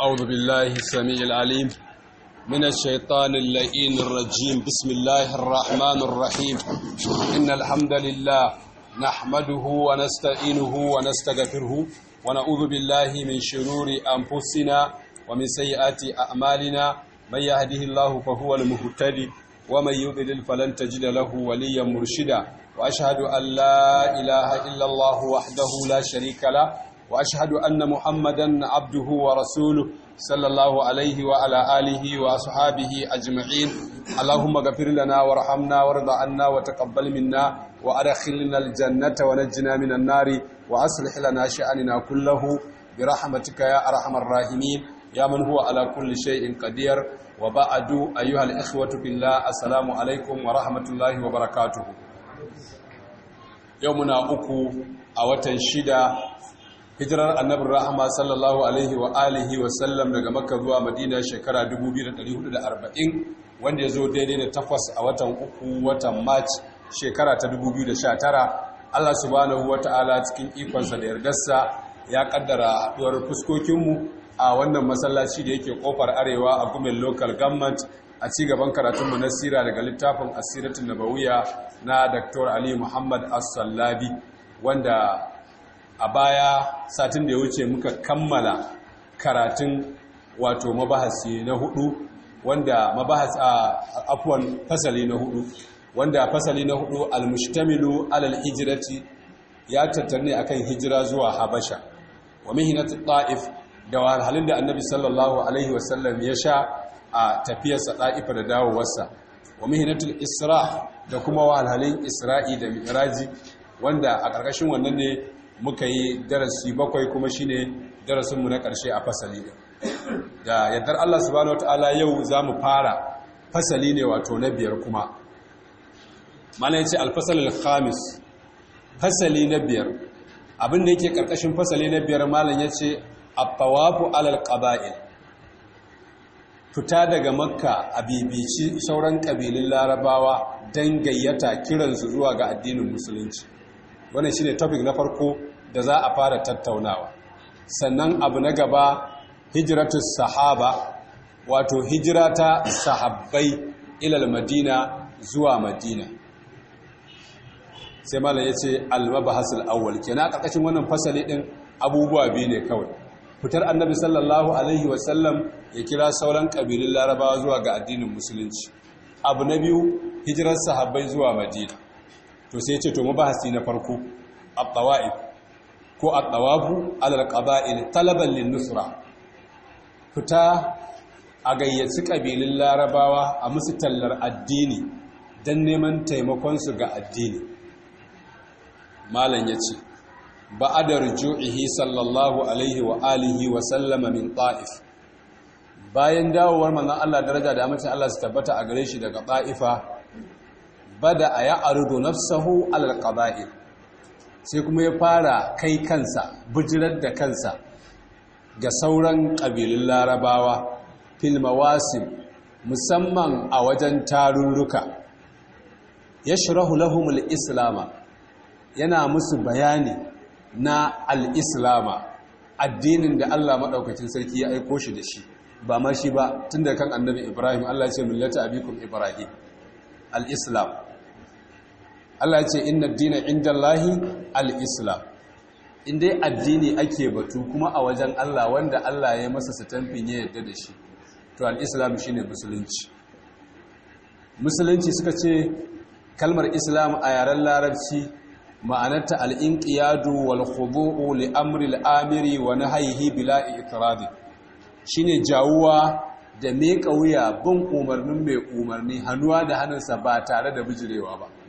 أعوذ بالله السميع العليم من الشيطان اللئين الرجيم بسم الله الرحمن الرحيم إن الحمد لله نحمده ونستعينه ونستغفره ونعوذ بالله من شرور أنفسنا ومن سيئات أعمالنا من يهده الله فهو المهتدي ومن يضلل فلن تجد له وليا مرشدا وأشهد أن لا إله إلا الله وحده لا شريك له وأشهد أن محمدا عبده ورسوله صلى الله عليه وعلى آله وأصحابه أجمعين اللهم اغفر لنا وارحمنا وارض عنا وتقبل منا وأدخلنا الجنة ونجنا من النار وأصلح لنا شأننا كله برحمتك يا أرحم الراحمين يا من هو على كل شيء قدير وبعد أيها الإخوة بالله السلام عليكم ورحمة الله وبركاته يومنا أكو a watan shida hijirar annabin rahama sallallahu alaihi wa alihi wa sallam daga makka zuwa madina shekara 2440 wanda ya zo daidai da takwas a watan uku watan march shekara ta 2019 allah subhanahu wa ta'ala cikin ikonsa da yardarsa ya kaddara haduwar fuskokinmu a wannan masallaci da yake kofar arewa a gumin local government a ci gaban karatunmu na sira daga littafin asiratun nabawiya na dr ali muhammad as-sallabi wanda a baya satin da ya wuce muka kammala karatun wato mabahasi na hudu wanda mabahas a afwan fasali na hudu wanda fasali na hudu almustamilu alal hijrati ya tattarne akan hijira zuwa habasha wa mihnat ta'if da wahalhalun da annabi sallallahu alaihi wasallam ya sha a tafiyarsa ta'ifa da dawowarsa wa mihnatul isra da kuma wahalhalun isra'i da mi'raji wanda a ƙarƙashin wannan ne muka yi darasi bakwai kuma shi ne darasinmu na ƙarshe a fasali ne. da yardar Allah subhanahu wataala yau za mu fara fasali ne wato na biyar kuma mana yace al khamis fasali na biyar abinda yake ƙarƙashin fasali na biyar malam ce a fawafu alal ƙaba'il fita daga makka a bibici sauran kabilun larabawa don gayyata kiransu zuwa ga addinin musulunci wannan ne topic na farko da za a fara tattaunawa sannan abu na gaba hijiratu sahaba wato hijirata sahabbai ilal madina zuwa madina sai malam ya ce almabahasul awwal na ƙarƙashin wannan fasali ɗin abubuwa biyu ne kawai fitar annabi sallallahu alaihi wasallam ya kira sauran ƙabilun larabawa zuwa ga addinin musulunci abu na biyu hijirar sahabbai zuwa madina to sai ce to mabahasi na farko a ko a ɗawafu alal ƙaba'il talaban nusra, fita a gayyaci ƙabilun larabawa a musu tallar addini don neman taimakonsu ga addini malam ya ce ba'adar ju'ihi sallallahu alaihi wa alihi wa sallama min ta'if bayan dawowar manzon Allah daraja da amince Allah su tabbata a gare shi daga ta'ifa bada a ya ya'rudu nafsahu alal sai kuma ya fara kai kansa bijirar da kansa ga sauran ƙabilun larabawa filmawasin musamman a wajen tarurruka ya shirahu lahumul islama yana musu bayani na al'islama addinin da Allah maɗaukacin sarki ya aiko shi da shi ba ma shi ba tun da kan annabi ibrahim Allah ce millata abikun ibrahim al'islam Allah ce inna dina inda Allahi al'islam inda addini ake batu kuma a wajen Allah wanda Allah ya masa satamfin ya yadda da shi to al'islam shi ne musulunci musulunci suka ce kalmar islam a yaren larabci ma'anarta al'inƙiyadu wal Li'amri, li amri al'amiri wani haihi bila itiradi shine jawuwa da meka wuya bin umarnin mai umarni hannuwa da hannunsa ba tare da bijirewa ba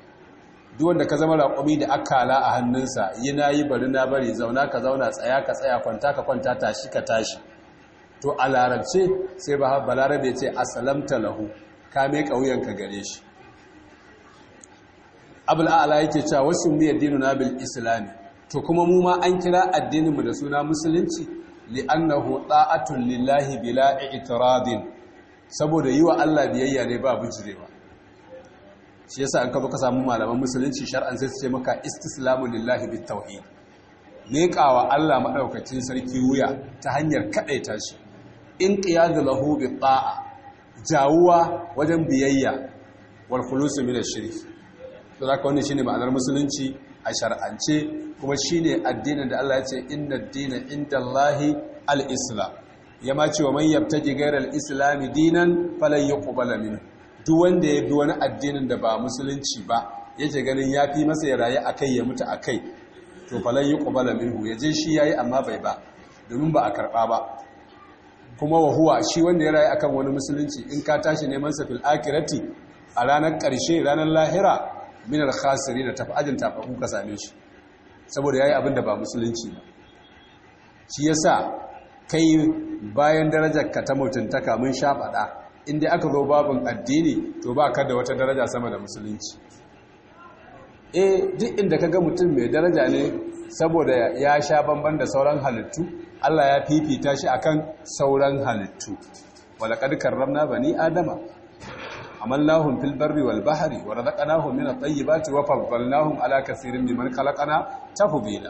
duwanda ka zama raƙumi da akala a hannunsa yi na yi bari na bari zauna ka zauna tsaya ka tsaya kwanta ka kwanta tashi ka tashi to a larabce sai ba balarabe ce a salamta lahu ka mai ƙauyenka gare shi abu la'ala yake cewa wasu mu yaddinu na bil islami to kuma mu ma an kira addininmu da suna musulunci li'annahu Ɗa'atun, lillahi bila i'tiradin saboda yi wa Allah biyayya ne ba bujirewa shi yasa an ka baka samu malaman musulunci shar'an sai su ce maka istislamu lillahi bit tauhid miƙawa Allah maɗaukacin sarki wuya ta hanyar kaɗaita shi in qiyadu lahu bi ta'a jawuwa wajen biyayya wal khulusu min ash-shirk to zaka wannan shine ma'anar musulunci a shar'ance kuma shine addinin da Allah ya ce inna dina indallahi al-islam yama ce wa man yabtaji ghayra al-islam dinan falan yuqbala minhu duk wanda ya bi wani addinin da ba musulunci ba ya yake ganin ya fi masa ya rayu a kai ya mutu a kai to falon yi ƙubala minhu ya je shi ya yi amma bai ba domin ba a karɓa ba kuma wahuwa shi wanda ya rayu a kan wani musulunci in ka tashi neman sa fil'akirati akirati a ranar ƙarshe ranar lahira minar khasiri da tafi ajin tafafu ka same shi saboda ya yi abin da ba musulunci ba shi yasa kai bayan darajar ka ta mutuntaka mun sha inda aka zo babin addini to ba ka da wata daraja sama da musulunci eh duk inda ka ga mutum mai daraja ne saboda ya sha bamban da sauran halittu Allah ya fifita shi akan sauran halittu walaqad karramna bani adama amallahum fil barri wal bahri wa razaqnahum min at-tayyibati wa faddalnahum ala kaseerin mimman khalaqna tafbila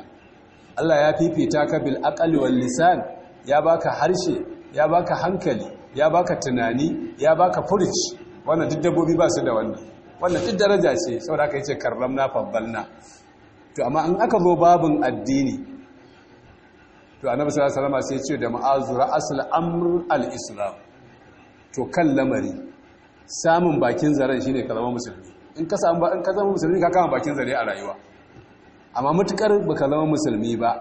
Allah ya fifita ka bil aqli wal lisan ya baka harshe ya baka hankali ya baka tunani ya baka furici wannan duk dabbobi ba su da wannan wannan duk daraja ce saboda aka yi ce karramna fabbalna to amma in aka zo babin addini to annabi sallallahu alaihi wasallam sai ya ce da ma'azura asl amr al-islam to kan lamari samun bakin zaren shine kalama musulmi in ka samu in ka zama musulmi ka kama bakin zare a rayuwa amma mutukar baka zama musulmi ba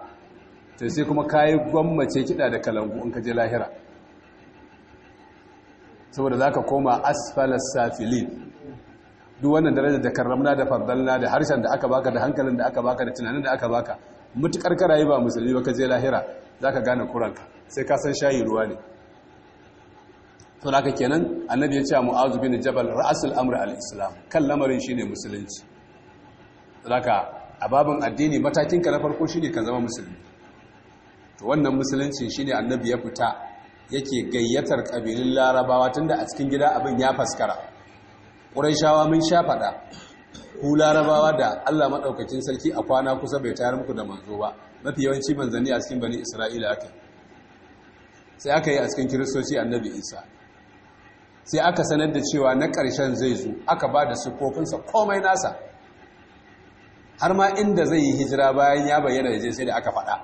to sai kuma kai gwammace kida da kalangu in ka je lahira saboda za ka koma asfalas safilin duk wannan darajar da karramna da fardalna da harshen da aka baka da hankalin da aka baka da tunanin da aka baka mutukar karayi ba musulmi ba ka je lahira za ka gane kuranka sai ka san shayi ruwa ne to haka kenan annabi ya ce a mu'azu bin jabal ra'asul amr al-islam kan lamarin shine musulunci haka a babin addini matakinka na farko ne ka zama musulmi to wannan musulunci ne annabi ya fita yake gayyatar ƙabilun larabawa tunda a cikin gida abin ya faskara shawa mun sha faɗa ku larabawa da allah maɗaukacin sarki a kwana kusa bai tayar muku da manzo ba mafi yawanci manzanni a cikin bani isra'ila aka sai aka yi a cikin kiristoci annabi isa sai aka sanar da cewa na ƙarshen zai zo aka ba da su sukofinsa komai nasa har ma inda zai yi hijira bayan ya bayyana da je sai da aka faɗa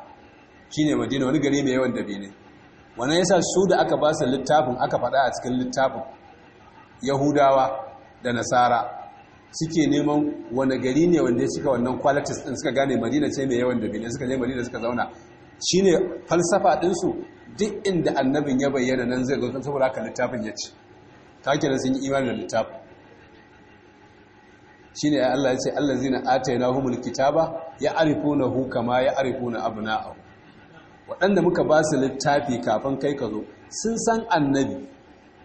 shine madina wani gari mai yawan dabi ne wannan yasa su da aka ba su littafin aka faɗa a cikin littafin yahudawa da nasara suke neman wani gari ne wanda ya cika wannan qualities din suka gane madina ce mai yawan ne suka je madina suka zauna Shi ne falsafa ɗinsu duk inda annabin ya bayyana nan zai zo saboda haka littafin ya ci. ta kenan sun yi imanin da littafin ya Allah ya ce hu atainahumul kitaba ya arifuna hu kama ya arifuna abna'ahum waɗanda muka ba su littafi kafin kai ka zo sun san annabi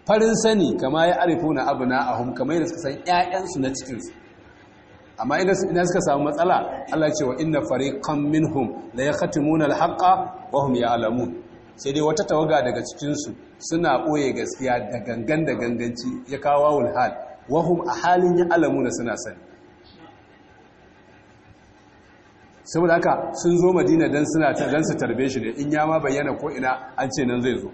farin sani kama ya arifu na abu na ahun kama yadda suka san 'ya'yansu na cikinsu amma idan suka samu matsala Allah ce wa inna fariqan minhum da ya al-haqqa wa hum ya'lamun sai dai wata tawaga daga cikinsu suna ɓoye gaskiya da gangan da ganganci ya kawo wulhal hal wa hum a halin alamu da suna sani saboda haka sun zo madina don suna don su tarbe shi ne in ya ma bayyana ko ina an ce nan zai zo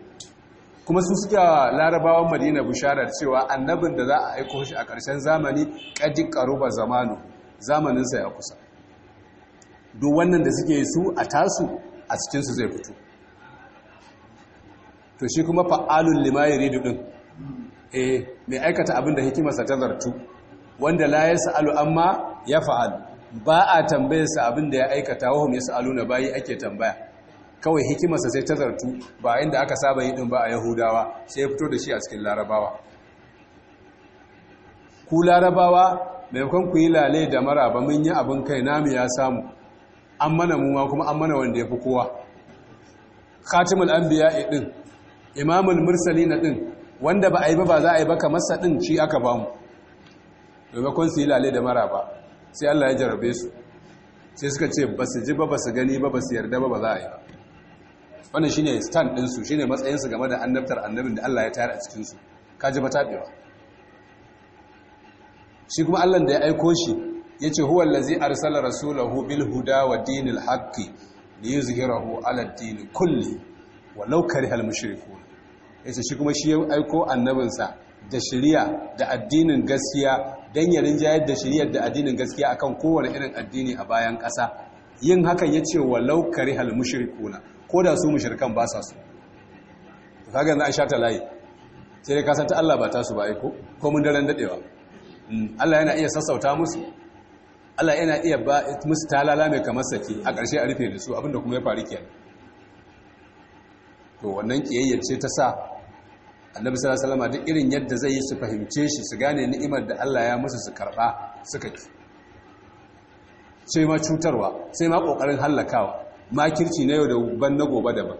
kuma su suke larabawan madina bisharar cewa annabin da za a aiko shi a ƙarshen zamani ƙadi ƙaruba zamanu zamaninsa ya kusa duk wannan da suke su a tasu a cikinsu zai fito to shi kuma fa'alun limayi ridudin ɗin eh, mai aikata abin da hikimarsa ta zartu wanda la ya sa'alu amma ya fa'alu ba a tambayarsa abin da ya aikata wahum ya na bayi ake tambaya kawai hikimarsa sai ta zartu ba inda aka saba yi ɗin ba a yahudawa sai ya fito da shi a cikin larabawa ku larabawa maimakon ku yi lalai da mara ba mun yi abin kai namu ya samu an mana mu kuma an mana wanda ya fi kowa khatimul anbiya ɗin. imamul mursalin ɗin. wanda ba a yi ba ba za a yi ba kamar sa ɗin shi aka bamu maimakon su yi lalai da mara ba sai Allah ya jarabe su sai suka ce ba su ji ba ba su gani ba ba su yarda ba ba za a yi ba wannan shine stand ɗinsu shine matsayinsu game da annabtar annabin da Allah ya tayar a cikinsu ka ji mataɓewa shi kuma Allah da ya aiko shi ya ce huwa lazi arsala rasulahu bil huda wa dinil haqqi li yuzhirahu ala ddin kulli walau karihal mushrikun yace shi kuma shi ya aiko annabinsa da shari'a da addinin gaskiya don ya da shiriyar da addinin gaskiya akan kowane irin addini a bayan ƙasa yin hakan ya ce wa laukari hal mushrikuna ko da su mushirikan ba sa su kaga yanzu an sha ta layi sai dai kasanta Allah ba ta su ba aiko ko mun daren dadewa hmm, Allah yana iya sassauta musu Allah yana iya ba musu talala mai kamar sake a ƙarshe a rufe da su abinda kuma ya faru kenan to wannan kiyayyar ce ta sa annabi sallallahu alaihi wasallam duk irin yadda zai yi su fahimce shi su gane ni'imar da Allah ya musu su karba suka ki sai ma cutarwa sai ma kokarin hallakawa makirci na yau da ban na gobe daban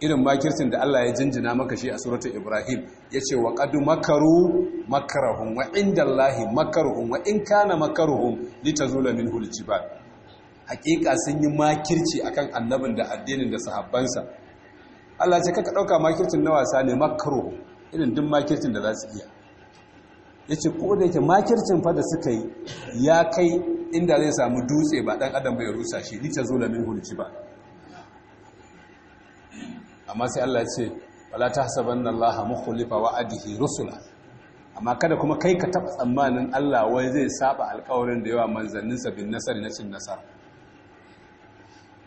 irin makircin da Allah ya jinjina maka shi a suratul Ibrahim yace wa qad makaru makaruhum wa indallahi makaruhum wa in kana makaruhum litazula minhu aljibal haqiqa sun yi makirci akan annabin da addinin da sahabbansa Allah ce kaka ɗauka makircin na wasa ne makaro irin duk makircin da za su iya ya ce ko da yake makircin fa da suka yi ya kai inda zai samu dutse ba ɗan adam bai rusa shi nita ta zo lamin hulci ba amma sai Allah ce wala ta na Allah wa adihi rusula amma kada kuma kai ka taɓa tsammanin Allah wai zai saba alkawarin da yawa manzanninsa bin nasari na cin nasara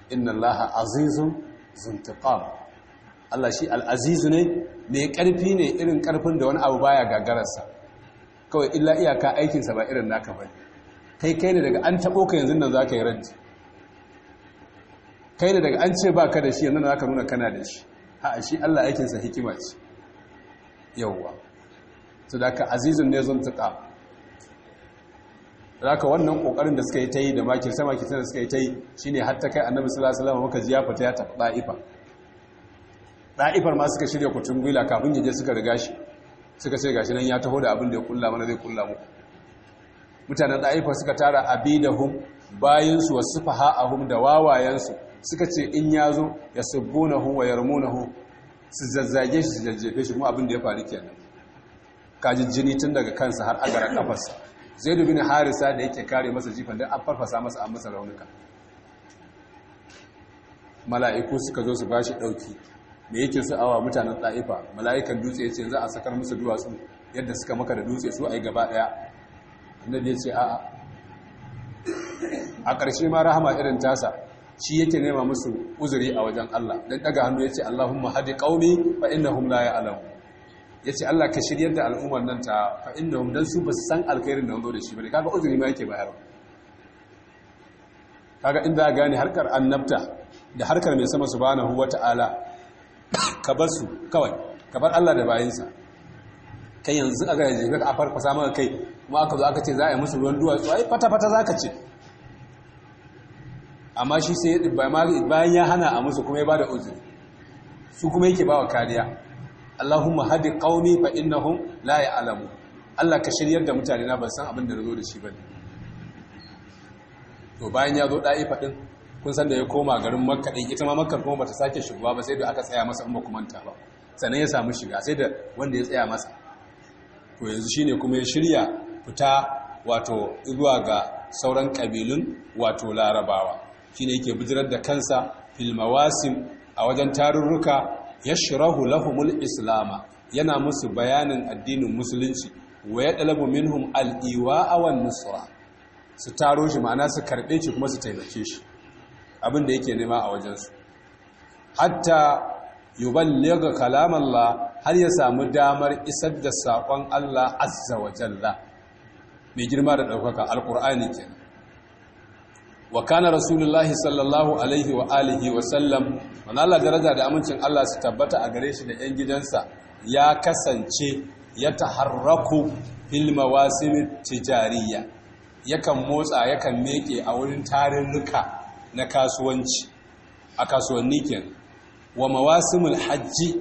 inna Allah azizun zuntiqam Allah shi al'azizu ne mai ƙarfi ne irin ƙarfin da wani abu baya gagararsa kawai illa iyaka aikinsa ba irin naka ba kai kai ne daga an taɓo ka yanzu nan za ka yi ranci kai ne daga an ce ba ka da shi yanzu za ka nuna kana da shi a shi Allah aikinsa hikima ce yauwa su da ka azizun ne zun tuƙa za ka wannan ƙoƙarin da suka yi ta yi da sama makirce da suka yi ta yi shi ne hatta kai annabi sallallahu alaihi wasallam maka ji ya fita ya taɓa ɗa'ifa ɗa'ifar ma suka shirya kucin gwila kafin yaje suka riga shi suka ce gashi nan ya taho da abin da ya kulla mana zai kulla muku mutanen ɗa'ifar suka tara abidahum bayansu wa sufaha'ahum da wawayensu suka ce in ya zo ya subbunahu wa yarmunahu su zazzage shi su jajjefe shi kuma abin da ya faru kenan kajin jini tun daga kansa har agara kafarsa zai dubi na harisa da yake kare masa jifan don an farfasa masa an masa raunuka mala'iku suka zo su ba shi ɗauki me yake su awa mutanen ta'ifa mala'ikan dutse yace za a sakar musu duwatsu yadda suka maka da dutse su ai gaba daya annabi yace a'a a ƙarshe ma rahama irin tasa shi yake nema musu uzuri a wajen Allah dan daga hannu yace Allahumma hadi qaumi fa innahum la Ya yace Allah ka shiryar da al'ummar nan ta fa innahum dan su ba su san alkhairin da wando da shi bane kaga uzuri ma yake bayarwa kaga inda gane harkar annabta da harkar mai sama subhanahu wata'ala ka bar su kawai ka bar Allah da bayinsa kai yanzu aka yi ka a farfasa samun kai kuma aka zo aka ce za a yi musu ruwan duwatsu ai fata fata za ka ce amma shi sai bayan ya hana a musu kuma ya ba da uzuri su kuma yake ba wa kariya Allahumma hadi qaumi fa innahum la ya'lamu Allah ka shiryar da mutane na ban san abin da na zo da shi bane to bayan ya zo da'i fadin kun san da ya koma garin makka ɗin ita ma makka kuma bata sake shigowa ba sai da aka tsaya masa in ba ta ba sannan ya samu shiga sai da wanda ya tsaya masa to yanzu shine kuma ya shirya fita wato zuwa ga sauran kabilun wato larabawa shine yake bijirar da kansa fil mawasim a wajen tarurruka yashrahu lahumul islama yana musu bayanin addinin musulunci wa dalabu minhum al-iwa'a wan nusra su taro shi ma'ana su karbe shi kuma su taimake shi abin da yake nema a wajensu hatta yuballigha kalam Allah har ya samu damar isar da sakon Allah azza wa jalla mai girma da ɗaukaka alqur'ani ke wa kana rasulullahi sallallahu alaihi wa alihi wa sallam manala daraja da amincin Allah su tabbata a gare shi da yan gidansa ya kasance ya taharraku fil mawasim tijariya yakan motsa yakan meke a wurin tarin tarurruka na kasuwanci a kasuwanni kenan wa mawasimul hajji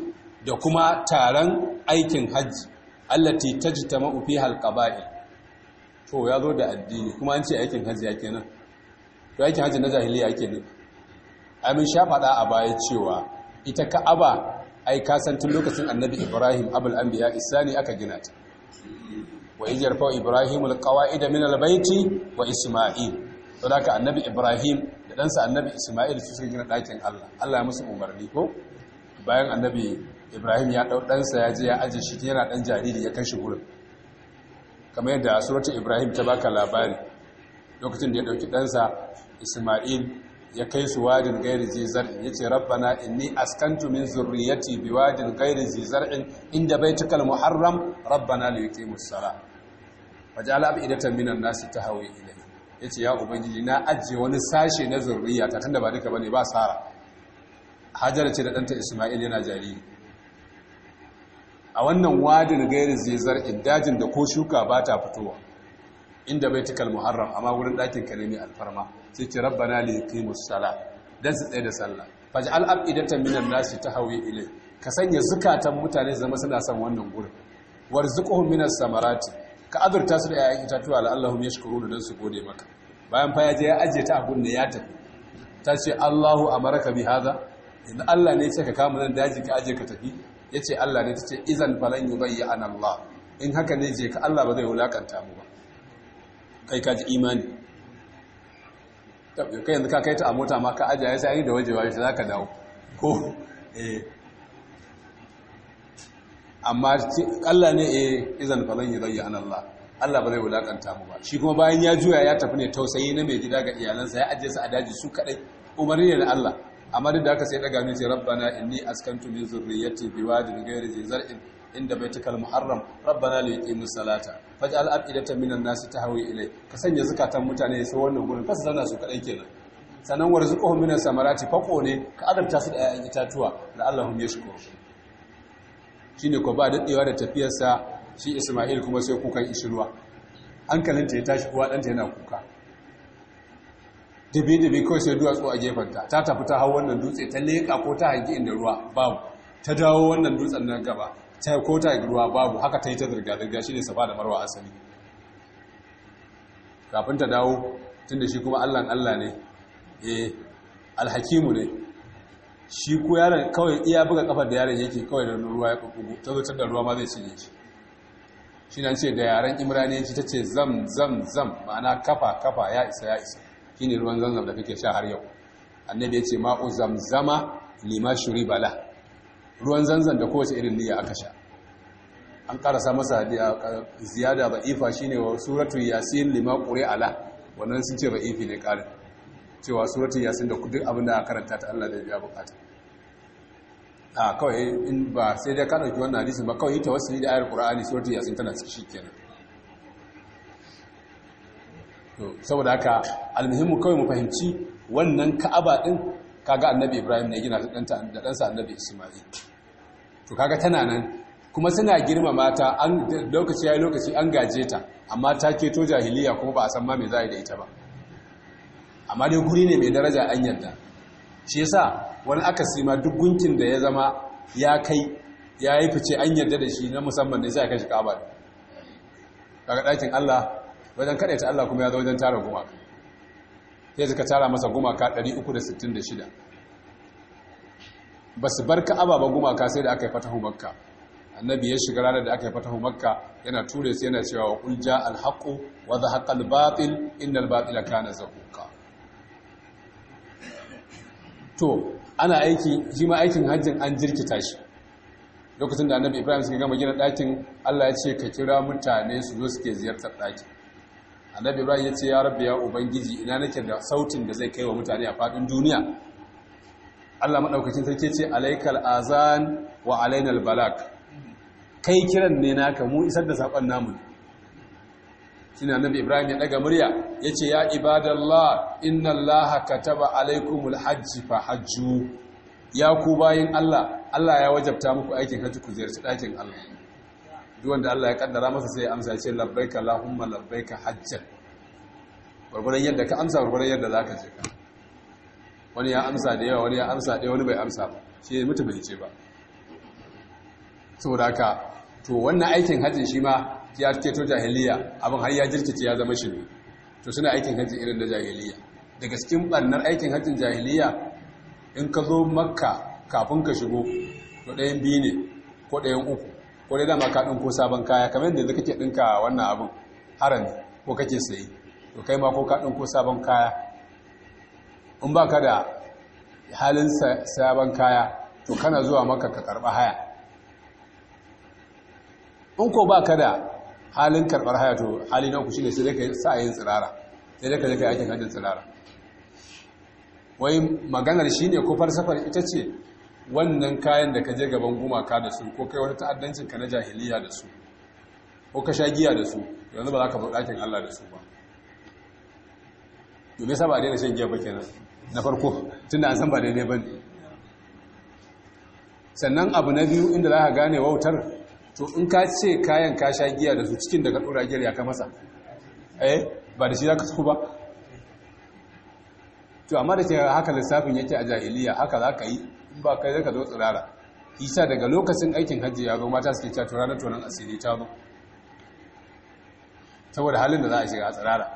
da kuma taron aikin hajji allati tajtama fiha alqaba'il to ya zo da addini kuma an ce aikin hajji yake kenan to aikin hajji na jahiliya yake ne amin sha faɗa a baya cewa ita ka'aba ai ka san tun lokacin annabi ibrahim abul anbiya isani aka gina ta wa ijarfa ibrahimul qawaida min albayti wa isma'il to da annabi ibrahim ɗansa annabi ismail su suka gina ɗakin allah allah ya musu umarni ko bayan annabi ibrahim ya ɗau ɗansa ya je ya aje shi yana ɗan jariri ya kai shi wurin kamar yadda suratun ibrahim ta baka labari lokacin da ya ɗauki ɗansa ismail ya kai su wadin gairi zizar'in ya ce rabbana inni askantu min zurriyati bi wadin gairi zizar'in inda tukal muharram rabbana li yuqimus sala waj'al ta minan nasi tahawi ilayhi ya ce ya ubangiji na ajiye wani sashe na zurriya ta tun da ba duka ba ne ba sara hajjara ce da ɗanta ismail yana jariri a wannan wadin gairin zizar dajin da ko shuka ba ta fitowa inda bai tikal muharram amma wurin ɗakin ka ne alfarma sai ki na li yuqimus sala dan su tsaye da sallah idan ta minan nasi hauye ile. ka sanya zukatan mutane zama suna son wannan gurin warzuqhum minas samarati ka azurta su da 'ya'yan itatuwa la'allahum yashkuruna don su gode maka bayan fa ya je ya ajiye ta a da ya tafi ta ce Allahu maraka bi haza yanzu Allah ne ce ka kama nan daji ka ajiye ka tafi Ya ce Allah ne ce izan yi bayi an Allah in haka ne je ka Allah ba zai wulakanta mu ba kai ka ji imani kai yanzu ka kai ta a mota ma ka aje ya sai da wajewa shi za ka dawo ko eh amma Allah ne eh izan falan yi an Allah Allah ba zai wulakanta mu ba shi kuma bayan ya juya ya tafi ne tausayi na mai gida ga iyalansa ya ajiye su a daji su kadai umarni ne da Allah amma duk da haka sai daga ne ce rabbana inni askantu min zurriyyati biwadin ghayri zi zar'in inda baitukal muharram rabbana li yuqimus salata faj'al af'idatan minan nasi tahwi ilai. ka sanya zakatan mutane sai wannan gurin kasa zana su kadai kenan sanan warzuqhum minas samarati faqo ne ka adabta su da 'ya'yan itatuwa la allahum yashkurun shine ko ba daɗewa da tafiyarsa shi Isma'il kuma sai kukan ishirwa hankalinta ya tashi kuwa ɗanta yana kuka dabe-dabe kawai sai duwatsu a gefanta. ta tafi ta hau wannan dutse ta leƙa ko ta haƙi inda ruwa babu ta dawo wannan dutsen nan gaba ta ko ta ruwa babu haka ta yi ta zirga-zirga shi ne safa da marwa asali kafin ta dawo tun da shi kuma allan allah ne eh alhakimu ne shi ko yaron kawai iya buga kafar da yaron yake kawai da ruwa ya kukugu ta zo da ruwa ma zai cinye shi shi na ce da yaren imrani shi ta ce zam zam zam ma'ana kafa kafa ya isa ya isa shi ne ruwan zanzam da kake sha har yau annabi ya ce ma'u zamzama lima shuri bala ruwan zanzam da kowace irin niyya aka sha an karasa masa ziyada ba'ifa shine wa suratu yasin lima quri ala wannan sun ce ba'ifi ne karin cewa suratun yasin da duk abin da karanta ta Allah zai biya bukata a kawai in ba sai dai ka dauki wannan hadisin ba kawai ita wasu da ayar ƙura'ani, suratun yasin tana ciki kenan. to saboda haka almuhimmu kawai mu fahimci wannan ka'aba din kaga annabi ibrahim ne gina da ɗansa annabi isma'il to kaga tana nan kuma suna mata an lokaci ya yi lokaci an gaje ta amma ta keto jahiliya kuma ba a san ma me za a yi da ita ba amma dai guri ne mai daraja an yadda shi yasa wani aka sima duk gunkin da ya zama ya kai ya yi fice an yadda da shi na musamman da sai aka shi kabar daga ɗakin Allah wajen ta Allah kuma ya zo wajen tara gumaka sai suka tara masa gumaka 366 ba su bar ka'aba ba gumaka sai da aka yi fatahu makka annabi ya shiga ranar da aka yi fatahu makka yana ture su yana cewa wa qul jaa wa za al-batil innal batila kana zahuqa to ana aiki shi ma aikin hajjin an jirkita shi lokacin da annabi ibrahim suka gama gina ɗakin allah ya ce ka kira mutane su zo suke ziyartar ɗakin annabi ibrahim ya ce ya rabbi ya ubangiji ina nake da sautin da zai kai wa mutane a faɗin duniya allah maɗaukacin sarki ce alaikal azan wa alainal balak kai kiran ne naka mu isar da saƙon namu shine annabi ibrahim ya daga murya yace ya ibadallah inna allaha kataba alaikumul hajji fa hajju ya ku bayin allah allah ya wajabta muku aikin hajji ku ziyarci dakin allah duk wanda allah ya kaddara masa sai ya amsa ce labbaika allahumma labbaika hajjan gurgurun yadda ka amsa gurgurun yadda zaka je ka wani ya amsa da yawa wani ya amsa da wani bai amsa ba shi mutu bai ce ba saboda haka to wannan aikin hajji shi ma ya ceto jahiliya abin har ya jirkice ya zama shirme to suna aikin hajji irin da jahiliya daga cikin barnar aikin hajjin jahiliya in ka zo makka kafin ka shigo to ɗayan biyu ne ko ɗayan uku ko dai dama ka ɗinko sabon kaya kamar yadda kake ɗinka wannan abin harami ko kake sayi to kai ma ko ka ɗinko sabon kaya in ba ka da halin sabon kaya to kana zuwa maka ka karɓa haya in ko ba ka da halin karɓar haya to hali na uku shine sai dai ka sa yin tsirara sai dai ka je kai aikin hajjin tsirara wai maganar shine ko falsafar ita ce wannan kayan da ka je gaban gumaka da su ko kai wani ta'addancin ka na jahiliya da su ko ka sha giya da su yanzu ba za ka bar ɗakin Allah da su ba domin sa ba daina shan giya ba kenan na farko tunda an san ba daidai ba ne sannan abu na biyu inda za ka gane wautar to in ka ce kayan ka sha giya da su cikin daga ɗora giyar ya ka eh ba da shi za ka ba to amma da ke haka lissafin yake a jahiliya haka za ka yi in ba kai zai ka zo tsirara isa daga lokacin aikin hajji ya zo mata suke cato ranar tonon asiri ta zo saboda halin da za a shiga a tsirara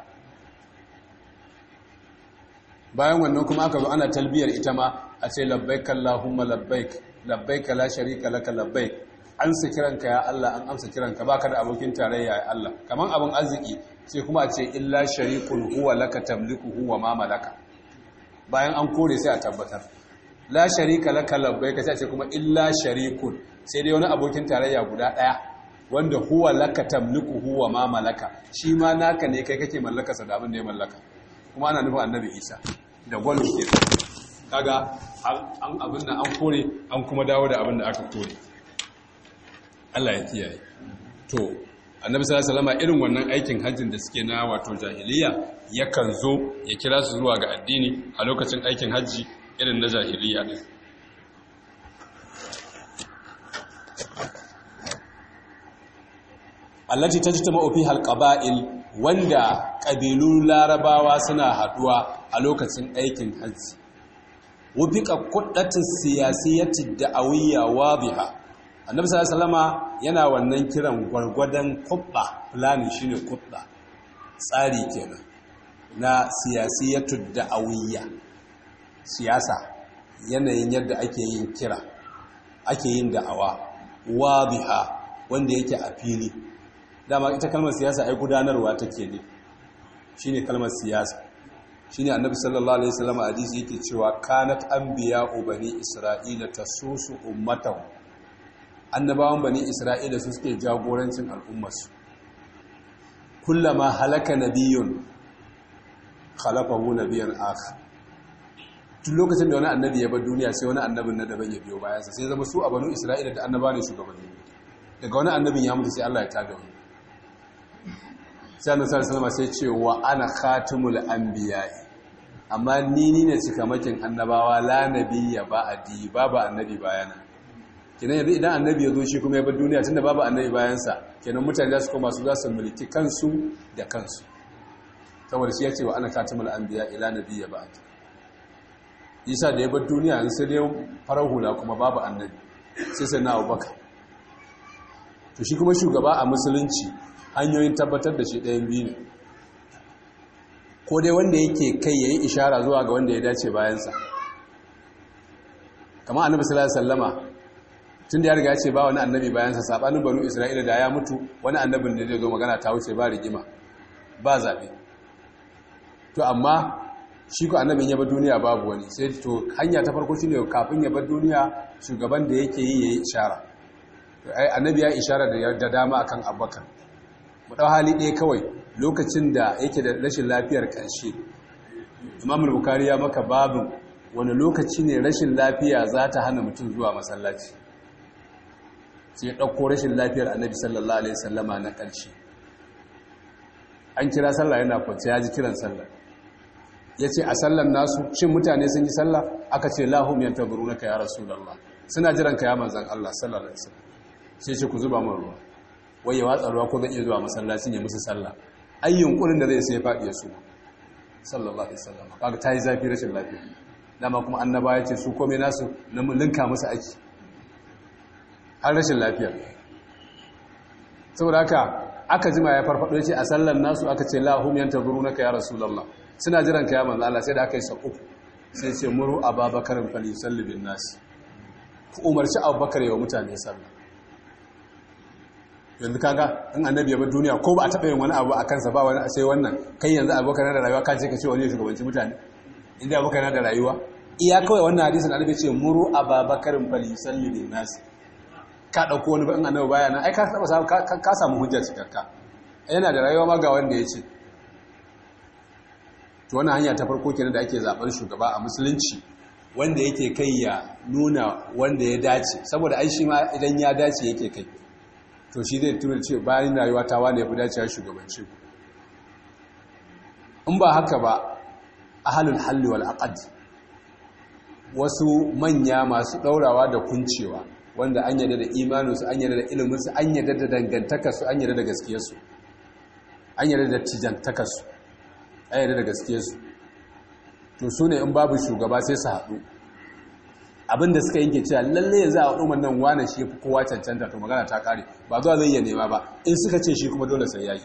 bayan wannan kuma aka zo ana talbiyar ita ma a ce labbaik Allahumma labbaik labbaik la sharika laka labbaik an sa kiranka ya Allah an amsa kiranka baka da abokin tarayya ya Allah kaman abin arziki sai kuma ce illa sharikun huwa laka tamliku huwa ma malaka bayan an kore sai a tabbatar la sharika laka labbaika sai a ce kuma illa sharikun sai dai wani abokin tarayya guda daya wanda huwa laka tamliku huwa ma malaka shi ma naka ne kai kake mallaka sa da abin da ya mallaka kuma ana nufin annabi Isa da gwal ke kaga an abin nan an kore an kuma dawo da abin da aka kore Allah ya kiyaye to annabi sallallahu alaihi wasallam irin wannan aikin hajjin da suke na wato jahiliya yakan zo ya kira su zuwa ga addini a lokacin aikin hajji irin na jahiliya din allati tajtama'u fiha alqaba'il wanda kabilu larabawa suna haduwa a lokacin aikin hajji wufiqa kuddatu siyasiyyati da'awiyya wadhiha annabi sallallahu yana wannan kiran gwargwadon kubba fulani shine kubba tsari kenan na siyasiyatu da'awiyya siyasa yanayin yadda ake yin kira ake yin da'awa wadiha wanda yake a fili dama ita kalmar siyasa ai gudanarwa take ne shine kalmar siyasa shine annabi sallallahu alaihi wasallam hadisi yake cewa kanat anbiya'u bani isra'ila tasusu ummatahu annabawan bani isra'ila su suke jagorancin al'ummarsu kullama halaka nabiyun khalafahu nabiyan akha tun lokacin da wani annabi ya bar duniya sai wani annabin na daban ya biyo bayansa sai zama su a banu isra'ila da annaba ne shugabanni daga wani annabin ya mutu sai Allah ya tada wani sai annabi sallallahu alaihi sai ce wa ana khatimul yi. amma ni ne cikamakin annabawa la nabiyya ba babu annabi bayana kenan yanzu idan annabi ya zo shi kuma ya bar duniya tunda babu annabi bayansa kenan mutane za su koma su za su mulki kansu da kansu saboda shi ya ce wa ana katimul anbiya ila ya ba'd isa da ya bar duniya an sai dai farar hula kuma babu annabi sai sai na abubakar to shi kuma shugaba a musulunci hanyoyin tabbatar da shi ɗayan biyu ne ko dai wanda yake kai ya yi ishara zuwa ga wanda ya dace bayansa kama annabi sallallahu alaihi wasallama tun da ya riga ce ba wani annabi bayansa saɓanin banu isra'ila da ya mutu wani annabin da zai zo magana ta wuce ba rigima ba zabe to amma shi ko annabin ya bar duniya babu wani sai to hanya ta farko shi ne kafin ya bar duniya shugaban da yake yi ya yi ishara to ai annabi ya ishara da dama akan abubakar mu dau hali ɗaya kawai lokacin da yake da rashin lafiyar ƙarshe imam bukari bukhari ya maka babu wani lokaci ne rashin lafiya za ta hana mutum zuwa masallaci sai ya ɗauko rashin lafiyar annabi sallallahu alaihi sallama na ƙarshe an kira sallah yana kwanci ya ji kiran sallah ya ce a sallan nasu cin mutane sun yi sallah aka ce lahum yan tabaru na kaya rasulallah suna jiran kaya manzan allah sallallahu alaihi sallam sai ce ku zuba min ruwa wai ya watsa ruwa ko zan iya zuwa masallacin ya musu sallah ai yunkurin da zai sai faɗi ya su sallallahu alaihi sallam kaga ta yi zafi rashin lafiya dama kuma annaba ya ce su komai nasu na linka musu aiki har rashin lafiya saboda haka aka jima ya farfado ce a sallan nasu aka ce lahum na ya rasulallah suna jiran ka ya manzo Allah sai da aka yi sa sai ce muru ababakar fali yusalli bin nas ku umarci abubakar yawa mutane sallah yanzu kaga in annabi ya bar duniya ko ba a taɓa yin wani abu a kansa ba wani sai wannan kai yanzu abubakar da rayuwa ka ce ka ce wani shugabanci mutane inda abubakar da rayuwa iya kawai wannan hadisin annabi ce muru ababakar fali yusalli bin nas ka ɗauko wani ba'in annabi baya nan ai ka samu hujja cikakka yana da rayuwa ma ga wanda ya ce to wani hanya ta farko kenan da ake zaɓar shugaba a musulunci wanda yake kai ya nuna wanda ya dace saboda ai shi ma idan ya dace yake kai to shi zai tuna ce bayan rayuwa ta wane ya fi dace shugabanci in ba haka ba ahalul halli wal aqd wasu manya masu ɗaurawa da kuncewa wanda an yarda da imaninsu an yarda da iliminsu an yarda da dangantakarsu an yarda da gaskiyarsu an yarda da tijantakarsu an yarda da gaskiyarsu to su ne in babu shugaba sai su haɗu abinda suka yanke cewa lalle yanzu a al'ummar nan wane shi fi kowa cancanta to magana ta kare ba zuwa zai iya nema ba in suka ce shi kuma dole sai yayi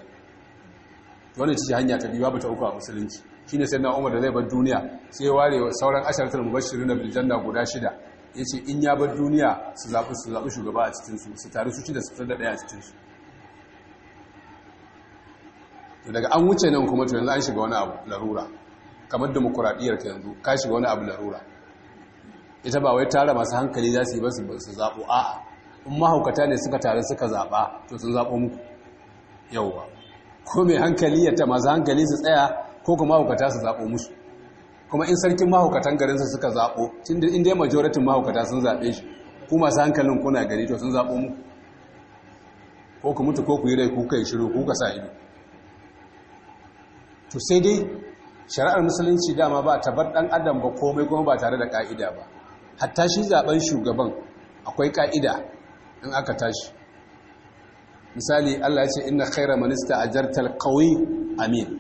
wannan ce hanya ta biyu babu ta uku a musulunci shine sai na umar da zai bar duniya sai ware sauran asharatul mubashiruna bil janna guda shida ya ce in ya bar duniya su zaɓi su zaɓi shugaba a cikinsu su tare su ci da su da ɗaya a cikinsu daga an wuce nan kuma to yanzu an shiga wani abu larura kamar demokuraɗiyar ka yanzu ka shiga wani abu larura ita ba wai tara masu hankali za su yi ba su zaɓo a'a in mahaukata ne suka tare suka zaɓa to sun zaɓo muku yauwa ko mai hankali ya ta masu hankali su tsaya ko kuma mahaukata su zaɓo musu kuma in sarkin mahaukatan garinsa suka zaɓo tunda in dai majoratin mahaukata sun zaɓe shi ku masu hankalin kuna gari to sun zaɓo muku ko ku mutu ko ku yi rai ku kai shiru ku ka sa ido to sai dai shari'ar musulunci dama ba ta bar ɗan adam ba komai kuma ba tare da ƙa'ida ba hatta shi zaɓen shugaban akwai ƙa'ida in aka tashi misali Allah ya ce inna khaira a ajartal qawi amin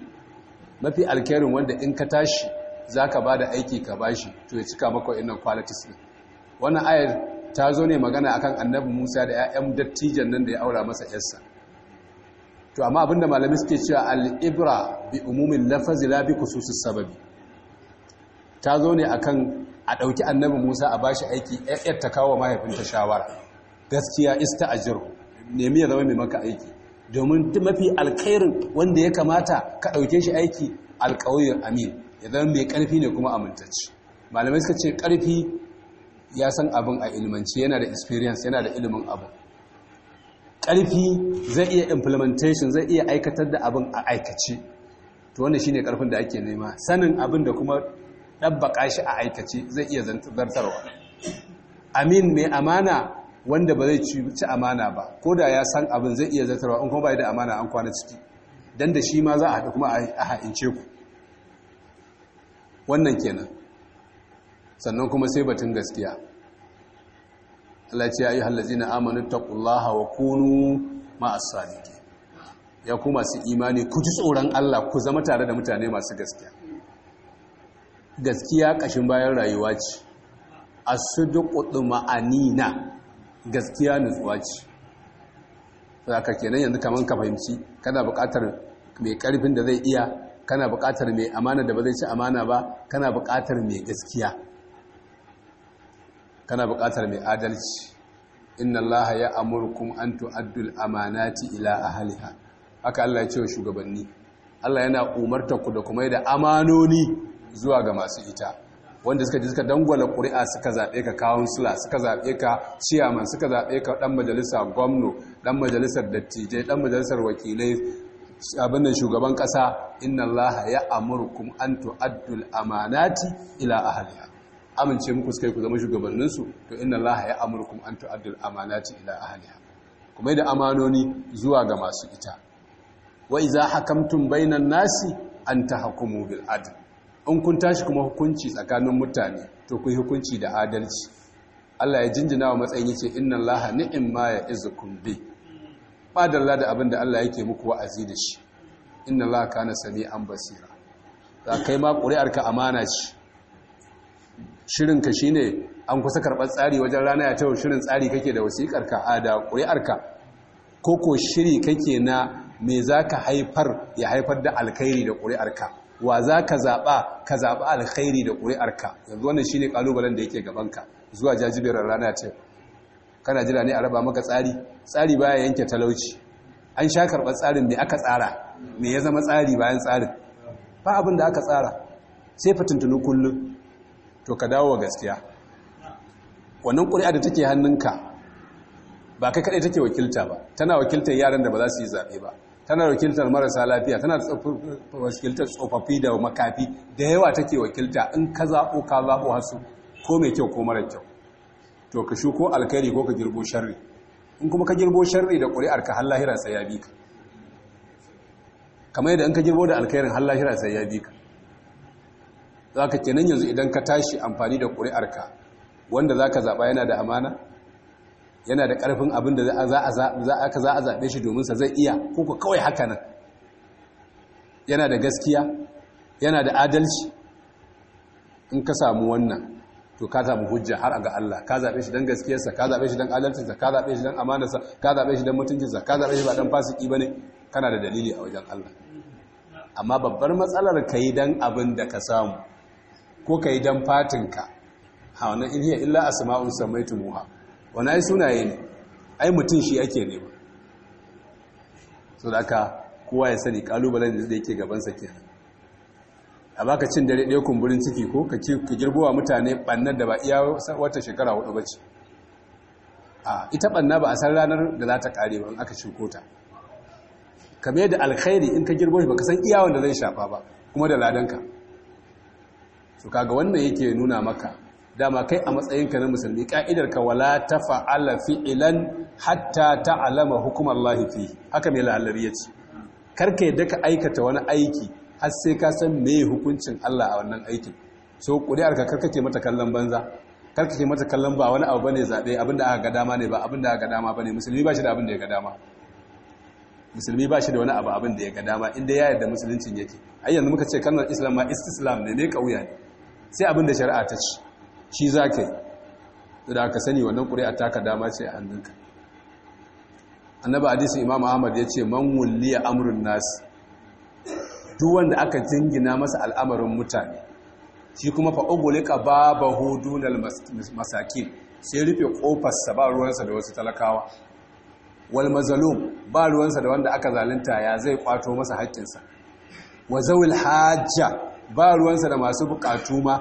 mafi alkhairin wanda in ka tashi za ka ba da aiki ka ba shi to ya cika maka wa'innan qualities ɗin wannan ayar ta zo ne magana akan annabi musa da 'ya'yan dattijan nan da ya aura masa yarsa to amma abinda malami suke cewa al'ibra bi umumin lafazi la bi sababi ta zo ne akan a ɗauki annabi musa a ba shi aiki yar ta kawo mahaifinta shawara gaskiya ista ajiru nemi ya zama mai maka aiki domin mafi alkairin wanda ya kamata ka ɗauke shi aiki alkawiyar amin ya zama mai ƙarfi ne kuma amintacci malamai suka ce ƙarfi ya san abin a ilmanci yana da experience yana da ilimin abu. ƙarfi zai iya implementation zai iya aikatar da abin a aikace to wanda shi ne ƙarfin da ake nema sanin abin da kuma ɗabbaƙa shi a aikace zai iya zartarwa amin mai amana wanda ba zai ci amana ba ko da ya san abin zai iya zartarwa in kuma ba da amana an kwana ciki don da shi ma za a haɗu kuma a ha'ince ku wannan kenan sannan kuma sai batun gaskiya Allah ce ya yi hallazi na amanu taqullaha wa kunu ma'as ya ku masu imani ku ji tsoron Allah ku zama tare da mutane masu gaskiya gaskiya kashin bayan rayuwa ce as-sidqu ma'anina gaskiya nutsuwa ce saka kenan yanzu kaman ka fahimci kana buƙatar mai ƙarfin da zai iya kana buƙatar mai amana da ba zai ci amana ba kana buƙatar mai gaskiya kana buƙatar mai adalci inna allaha ya amurkum an tu'addul amanati ila ahliha haka Allah ya ce wa shugabanni Allah yana umartar ku da kuma da amanoni zuwa ga masu ita wanda suka ji suka dangwala ƙuri'a suka zaɓe ka kawunsula suka zaɓe ka ciyaman suka zaɓe ka ɗan majalisa gwamno ɗan majalisar dattijai ɗan majalisar wakilai abin da shugaban ƙasa inna Allah ya amurkum an tu'addul amanati ila ahliha amince muku suka ku zama shugabanninsu, su to inna Allah ya amurkum an tu'addul amanati ila ahliha kuma da amanoni zuwa ga masu ita wa idza hakamtum bainan nasi an tahkumu bil adl in kun tashi kuma hukunci tsakanin mutane to ku hukunci da adalci Allah ya jinjina wa matsayin yace inna Allah ni'imma ya izukum bi madalla da abin da Allah yake muku wa'azi da shi inna Allah kana an basira za kai ma ƙuri'arka amana ce shirinka ne an kusa karɓar tsari wajen rana ya tawo shirin tsari kake da wasiƙarka a da ƙuri'arka ko ko shiri kake na me za ka haifar ya haifar da alkhairi da ƙuri'arka wa za ka zaɓa ka zaɓa alkhairi da ƙuri'arka yanzu wannan ne ƙalubalen da yake gabanka zuwa jajiberar rana ta yau kana jira ne a raba maka tsari tsari baya yanke talauci an sha karɓar tsarin ne aka tsara me ya zama tsari bayan tsarin ba abin da aka tsara sai fitintunu kullum to ka dawo gaskiya wannan ƙuri'a da take hannunka ba kai kaɗai take wakilta ba tana wakiltar yaran da ba za su yi zaɓe ba tana wakiltar marasa lafiya tana wakiltar tsofaffi da makafi da yawa take wakilta in ka zaɓo ka zaɓo hasu ko mai kyau ko mara kyau to ka shuko alkhairi ko ka girbo sharri in kuma ka girbo sharri da ƙuri'ar ka hallahira sai ya bi ka kamar yadda in ka girbo da alkhairin hallahira sai ya bi ka za ka kenan yanzu idan ka tashi amfani da ƙuri'ar ka wanda za ka zaɓa yana da amana yana da ƙarfin abin da za a zaɓe shi domin sa zai iya ko ku kawai haka nan yana da gaskiya yana da adalci in ka samu wannan to ka zaɓi hujja har a ga Allah ka zaɓe shi don gaskiyarsa ka zaɓe shi don adalcinsa ka zaɓe shi don amanarsa ka zaɓe shi don mutuncinsa ka zaɓe shi ba don fasiki ba ne kana da dalili a wajen Allah amma babbar matsalar ka yi don abin da ka samu ko ka yi don fatinka a wannan in hiya illa sama'un samai muha wani ai sunaye ne ai mutum shi ake nema so da aka kowa ya sani kalubalen da yake gabansa kenan a baka cin dare ɗaya kumburin ciki ko ka girbowa mutane ɓannar da ba iya wata shekara hudu ba ce a ita ɓanna ba a san ranar da za ta ƙare ba aka shirko ta kame da alkhairi in ka girbo shi ba ka san iyawan da zai shafa ba kuma da ladanka su kaga wannan yake nuna maka dama kai a matsayinka na musulmi ka'idar ka wala ta fa'ala fi'ilan hatta ta'alama hukumar lahifi haka mai ya ce karka yadda ka aikata wani aiki har sai ka san meye hukuncin Allah a wannan aikin so ƙuri'ar ka karkake mata kallon banza karkake mata kallon ba wani abu bane zabe abinda aka ga dama ne ba abinda aka ga dama bane musulmi ba shi da abinda ya ga dama musulmi ba shi da wani abu abinda ya ga dama inda ya yarda musuluncin yake ai yanzu muka ce kallon islam ma istislam ne ne kauya ne sai abinda shari'a ta ci shi zaka yi da aka sani wannan ta taka dama ce a hannunka annabi hadisin imam ahmad ya ce man wulliya amrun nas duk wanda aka jingina masa al'amarin mutane shi kuma fa ugulika babahu dunal masakin sai rufe kofarsa ba ruwansa da wasu talakawa wal mazalum ba ruwansa da wanda aka zalunta ya zai kwato masa haƙƙinsa wa zawil hajja ba ruwansa da masu buƙatu ma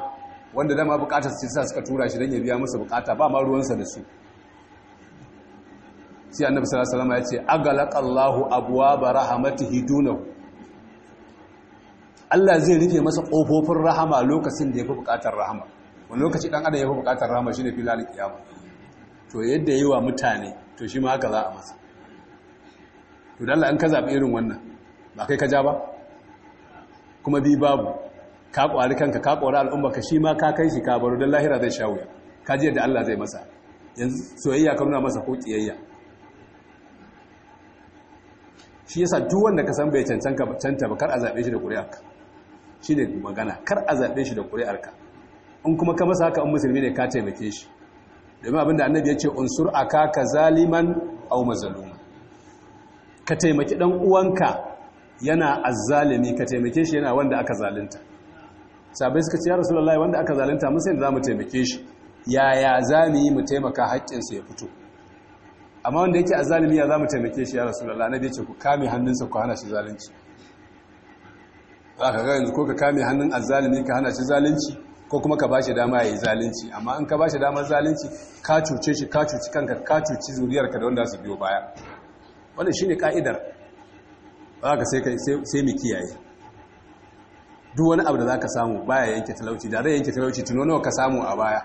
wanda dama buƙatar su sa suka tura shi don ya biya musu buƙata, ba ma ruwansa da su sai annabi sallallahu alaihi wasallam ya ce agalaqallahu abwaaba rahmatihi dunahu Allah zai rufe masa ƙofofin rahama lokacin da ya fi buƙatar rahama wani lokaci ɗan adam ya fi buƙatar rahama shi ne filalin kiyama to yadda yi wa mutane to shi ma haka za a masa to dalla in ka zaɓi irin wannan ba kai ka ja ba kuma bi babu ka ƙwari kanka ka ƙwari al'umma ka shi ma ka kai shi ka baro don lahira zai sha wuya ka ji yadda Allah zai masa yanzu soyayya ka nuna masa ko ƙiyayya shi yasa duk wanda ka san bai cancanta ba kar a zaɓe shi da ƙuri'arka shi ne magana kar a zaɓe shi da ƙuri'arka in kuma ka masa haka in musulmi ne ka taimake shi domin abinda annabi ya ce unsur a ka zaliman au mazaluma ka taimaki ɗan uwanka yana azzalimi ka taimake shi yana wanda aka zalunta sabai suka ce ya rasulullahi wanda aka zalunta mun sai za mu taimake shi yaya za mu yi mu taimaka haƙƙinsu ya fito amma wanda yake azzalimi ya mu taimake shi ya rasulullahi annabi ya ce ku kame hannunsa ku hana shi zalunci aka ga yanzu ko ka kame hannun azzalimi ka hana shi zalunci ko kuma ka bashi dama yi zalunci amma in ka bashi damar zalunci ka cuce shi ka cuci kanka ka cuci zuriyarka da wanda su biyo baya wannan shine ka'idar zaka sai kai sai mu kiyaye duk wani abu da zaka samu baya yanke talauci da rai yanke talauci tuno nawa ka samu a baya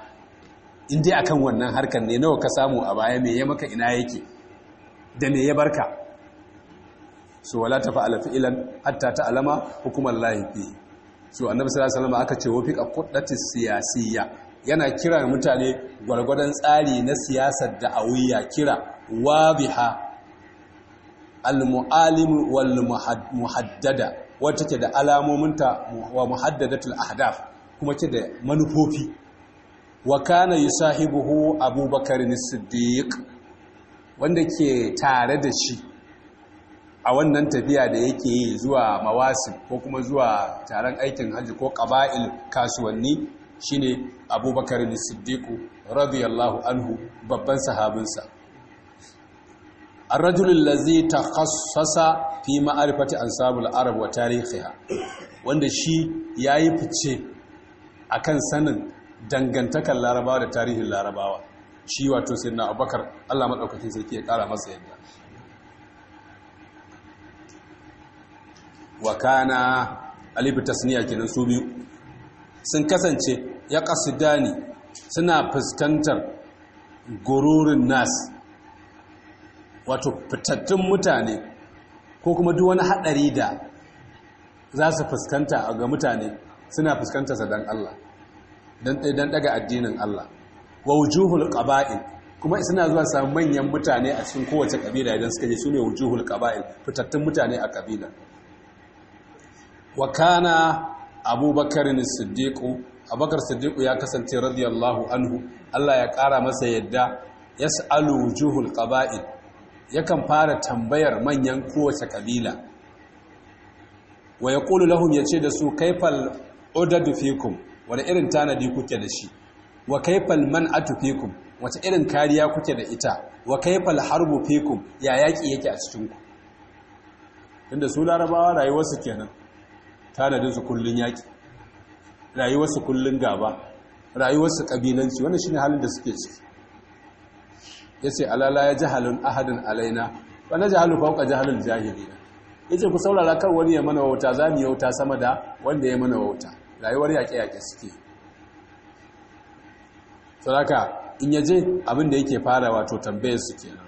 in dai akan wannan harkar ne nawa ka samu a baya me ya maka ina yake da me ya barka so wala tafa'ala fi'lan hatta ta'lama hukumar lahi so annabi sallallahu alaihi wasallam aka ce wa ka siyasiyya yana kira mutane gwargwadon tsari na siyasar da da'awiyya kira wadiha al-mu'alim wal muhaddada wacce ke da alamominta wa muhaddadatul ahdaf kuma ke da manufofi wa kana yusahibuhu abubakar as-siddiq wanda ke tare da shi a wannan tafiya da yake yi zuwa mawasin ko kuma zuwa taron aikin hajji ko ƙaba'il kasuwanni shine abubakar nisiddiku radiyallahu anhu babban sahabinsa arrajulun lazi ta kasasa fi ma'arifati ansabul arab wa tarihiha wanda shi ya yi fice a kan sanin dangantakar larabawa da tarihin larabawa shi wato sai na abubakar allah maɗaukakin sarki ya ƙara masa yadda wa kana alifu tasniya kenan su biyu sun kasance ya kasudani suna fuskantar gururin nas wato fitattun mutane ko kuma duk wani hadari da za su fuskanta ga mutane suna fuskantarsa don Allah dan daga addinin Allah wa wujuhul qaba'il kuma suna zuwa samun manyan mutane a cikin kowace kabila idan suka je su ne wujuhul qaba'il fitattun mutane a kabila wa kana abubakarin siddiqu abubakar siddiqu ya kasance radiyallahu anhu Allah ya ƙara masa yadda yas'alu wujuhul ƙaba'in. yakan fara tambayar manyan kowace kabila wa yaqulu lahum ce da su kaifal odadu fikum wani irin tanadi kuke da shi wa kaifal man'atu fikum wace irin kariya kuke da ita wa kaifal harbu fikum ya yaƙi yake a cikinku? inda su larabawa rayuwarsu kenan tanadinsu kullun yaƙi rayuwarsu kullun gaba rayuwarsu ƙabilanci shi ne halin da suke ciki ya ce alala ya halin ahadin alaina ba na halin fauka halin jahili ya ce ku saurara kan wani ya mana wauta za mu yauta sama da wanda ya mana wauta rayuwar yaƙe-yaƙe suke saraka in yaje abin da yake fara wato tambayar su kenan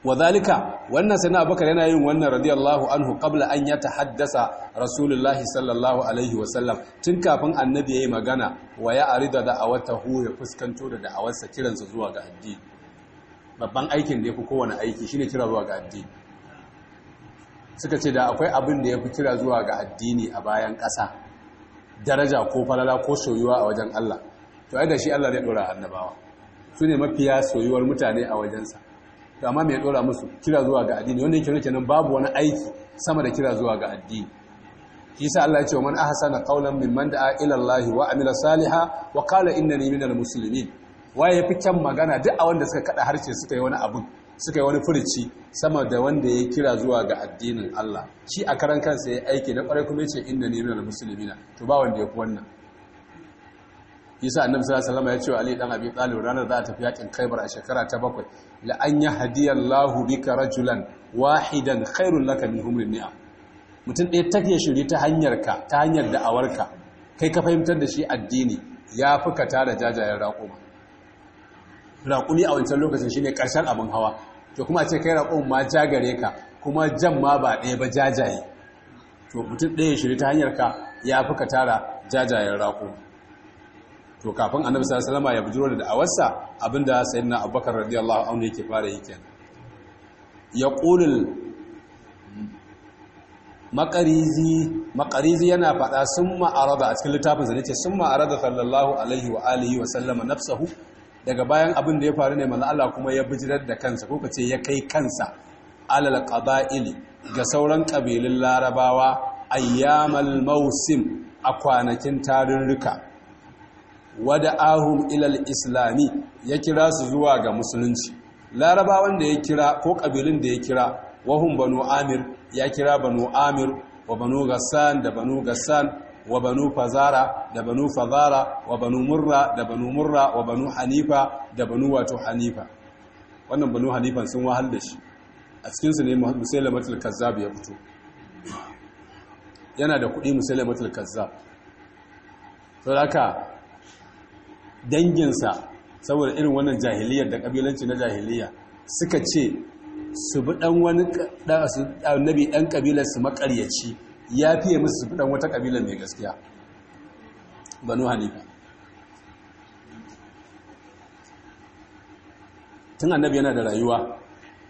wa wannan sai na yana yin wannan radiyallahu anhu kabla an ya tahaddasa rasulullahi sallallahu alaihi wasallam tun kafin annabi yayi magana wa ya arida da'awatahu ya fuskanto da da'awarsa kiransa zuwa ga addini babban aikin da yafi kowane aiki shine kira zuwa ga addini suka ce da akwai abin da fi kira zuwa ga addini a bayan ƙasa daraja ko falala ko soyuwa a wajen Allah to ai da shi Allah zai dora annabawa Sune mafiya soyuwar mutane a wajensa to amma me dora musu kira zuwa ga addini wanda yake nuna nan babu wani aiki sama da kira zuwa ga addini shi yasa Allah ya ce man ahsana qawlan mimman da'a ila Allah wa amila saliha wa qala innani minal muslimin waye yafi kyan magana duk a wanda suka kada harshe suka yi wani abu suka yi wani furici sama da wanda ya kira zuwa ga addinin Allah shi a karan kansa ya aiki na kwarai kuma ya ce innani minal muslimina to ba wanda ya fi wannan yasa annabi sallallahu alaihi ya ce wa ali dan abi talib ranar za ta tafi yakin khaybar a shekara ta bakwai la an yahdiyallahu bika rajulan wahidan khairul laka min humri ni'am mutum ɗaya take shiri ta hanyarka ta hanyar da'awarka kai ka fahimtar da shi addini ya fi ka tara jajayen raƙuma raƙumi a wancan lokacin shine ƙarshen abin hawa to kuma ce kai raƙon ma gare ka kuma jan ma ba ɗaya ba jajaye to mutum ɗaya shiri ta hanyarka ya fi ka tara jajayen raƙuma to kafin annabi sallallahu alaihi ya bujiro da da'awarsa abinda sayyidina abubakar radiyallahu anhu yake fara yi kenan ya yaqulul maqarizi maqarizi yana faɗa summa arada a cikin littafin sa nace summa arada sallallahu alaihi wa alihi wa sallama nafsuhu daga bayan abin da ya faru ne manzo Allah kuma ya bijirar da kansa ko kace ya kai kansa alal qaba'ili ga sauran ƙabilun larabawa ayyamal mausim a kwanakin tarurruka wada ahun ilal islami ya kira su zuwa ga musulunci larabawan da ya kira ko ƙabilun da ya kira wahun banu amir ya kira banu amir wa banu gassan da banu gassan wa banu fazara da banu fazara wa banu murra da banu murra wa banu hanifa da banu wato hanifa wannan banu hanifan sun wahal da shi a cikinsu ne musulamatul kazzab ya fito yana da kuɗi musulamatul kazzab danginsa saboda irin wannan jahiliyar da kabilanci na jahiliya suka ce su bi dan wani nabi dan kabilar su makaryaci ya fiye musu su bi dan wata kabilar mai gaskiya banu hanifa tun annabi yana da rayuwa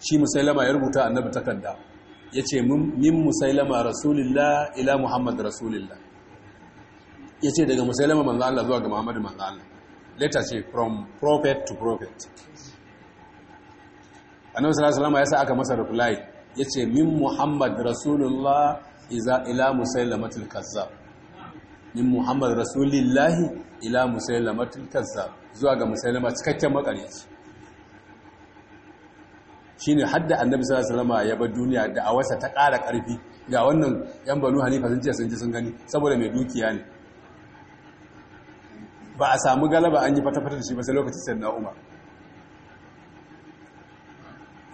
shi musailama ya rubuta annabi takarda ya ce min musailama rasulillah ila muhammad rasulillah ya ce daga musailama manzala zuwa ga muhammadu manzala let us say from prophet to prophet annabi sallallahu alaihi ya sa aka masa reply yace min muhammad rasulullah iza ila musailamatul kazzab min muhammad rasulillahi ila musailamatul kazzab zuwa ga musailama cikakken makareci shine hadda annabi sallallahu alaihi ya bar duniya da a ta ƙara ƙarfi ga wannan yan banu halifa sun ce sun ji sun gani saboda mai dukiya ne ba a samu galaba an yi fata-fata da shi ba sai lokacin sai na'umar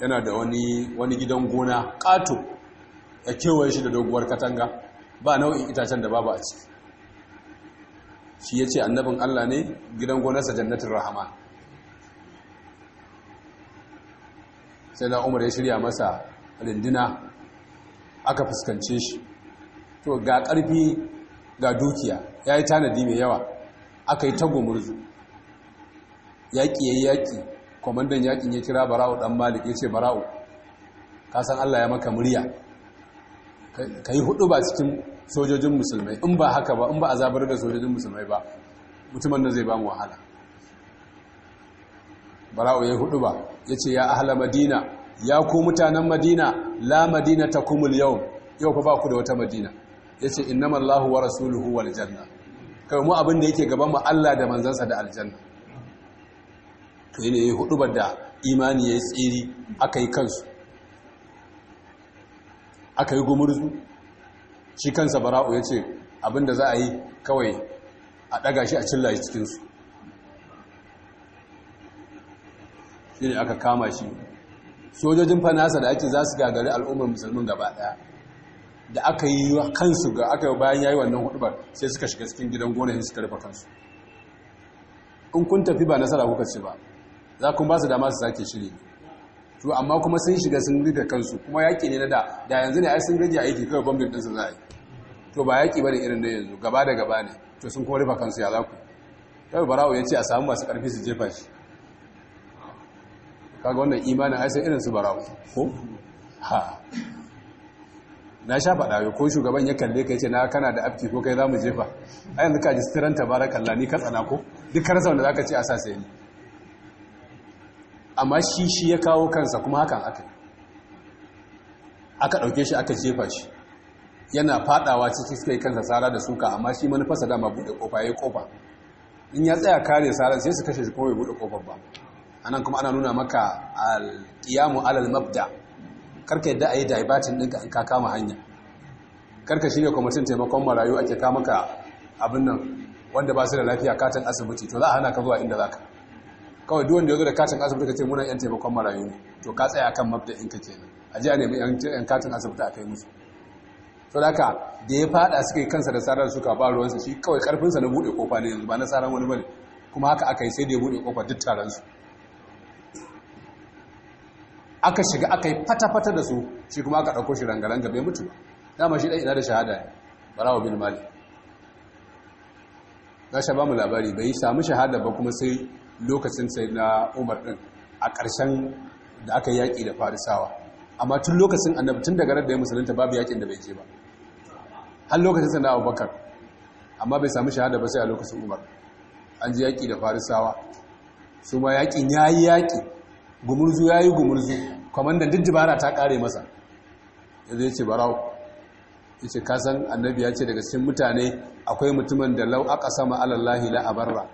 yana da wani gidan gona ƙato ya kewaye shi da doguwar katanga ba nau'in itacen da babu a ciki shi ya ce annabin allah ne gidan gonarsa jannatin rahama sai na'umar ya shirya masa rindina aka fuskance shi to ga ƙarfi ga dukiya ya yi tanadi mai yawa aka yi ta yaƙi ya yi yaƙi kwamandan yaƙin ya kira bara'u ɗan malik ya ce bara'u kasan allah ya maka murya ka yi hudu ba cikin sojojin musulmai in ba haka ba in ba a zabar da sojojin musulmai ba mutumin da zai ba mu wahala bara'u ya yi hudu ba ya ce ya ahala madina ya ku mutanen madina la madina ta kumul yau yau fa ba ku da wata madina ya ce innamallahu wa rasuluhu wal janna karmu abin da yake gaban mu Allah da manzansa da aljanna to yana yi hudubar da imani ya yi tsiri aka yi kansu aka yi gumurzu shi kansa bara'u ya ce abin da za a yi kawai a ɗaga shi a cilla shi cikinsu shi ne aka kama shi sojojin fanasa da ake za su gagari al'ummar musulmin gaba ɗaya da aka yi kansu ga aka bayan yayi wannan hudubar sai suka shiga cikin gidan gona su suka rufe kansu in kun tafi ba nasara kuka ce ba za kun ba su dama su sake shiri to amma kuma sun shiga sun rufe kansu kuma yaƙi ne na da da yanzu ne ai sun rage aiki kai bombin ɗinsu za a yi to ba yaƙi bane ne irin da yanzu gaba da gaba ne to sun kore rufe kansu ya za ku kawai barawo ya a samu masu ƙarfi su jefa shi kaga wannan imanin ai sai irin su barawo ko ha na sha faɗa ko shugaban ya kalle ka ce na kana da afki ko kai za mu jefa a yanzu ka ji sitiran tabarakallah ni ka tsana ko duk karsar da za ka ce a sasa yi amma shi shi ya kawo kansa kuma hakan aka aka ɗauke shi aka jefa shi yana faɗawa ciki suka yi kansa tsara da suka amma shi manufarsa dama buɗe ƙofa ya yi ƙofa in ya tsaya kare tsara sai su kashe shi kuma bai buɗe ƙofar ba anan kuma ana nuna maka al alal mabda' karka yadda a yi daibatin ɗinka in ka kama hanya karka ne kwamitin taimakon marayu ake kama ka abin nan wanda ba su da lafiya katin asibiti to za a hana ka zuwa inda za ka kawai duk wanda ya zo da katin asibiti ka ce muna yan taimakon marayu ne to ka tsaya kan mabda in ka nan a ji a nemi yan katin asibiti a kai musu to da da ya fada suka yi kansa da tsarar suka ba ruwansa shi kawai karfinsa na buɗe kofa ne yanzu ba na tsarar wani bane kuma haka aka yi sai da ya buɗe kofa duk taron su aka shiga aka yi fata-fata da su shi kuma aka ɗauko shi rangaranga bai mutu dama shi ɗan ina da shahada ne barawa bin mali za shi ba mu labari bai samu shahada ba kuma sai lokacin sai na umar ɗin a ƙarshen da aka yi yaƙi da farisawa amma tun lokacin annabi tun daga da ya musulunta babu yaƙin da bai je ba har lokacin sai na abubakar amma bai samu shahada ba sai a lokacin umar an ji yaƙi da farisawa su ma yaƙin ya yi yaƙi gumurzu ya yi gumurzu kwamandan duk jibara ta kare masa ya zai ce barau ya ce kasan annabi ya ce daga cikin mutane akwai mutumin da lau aka sama alallahi la'abarra.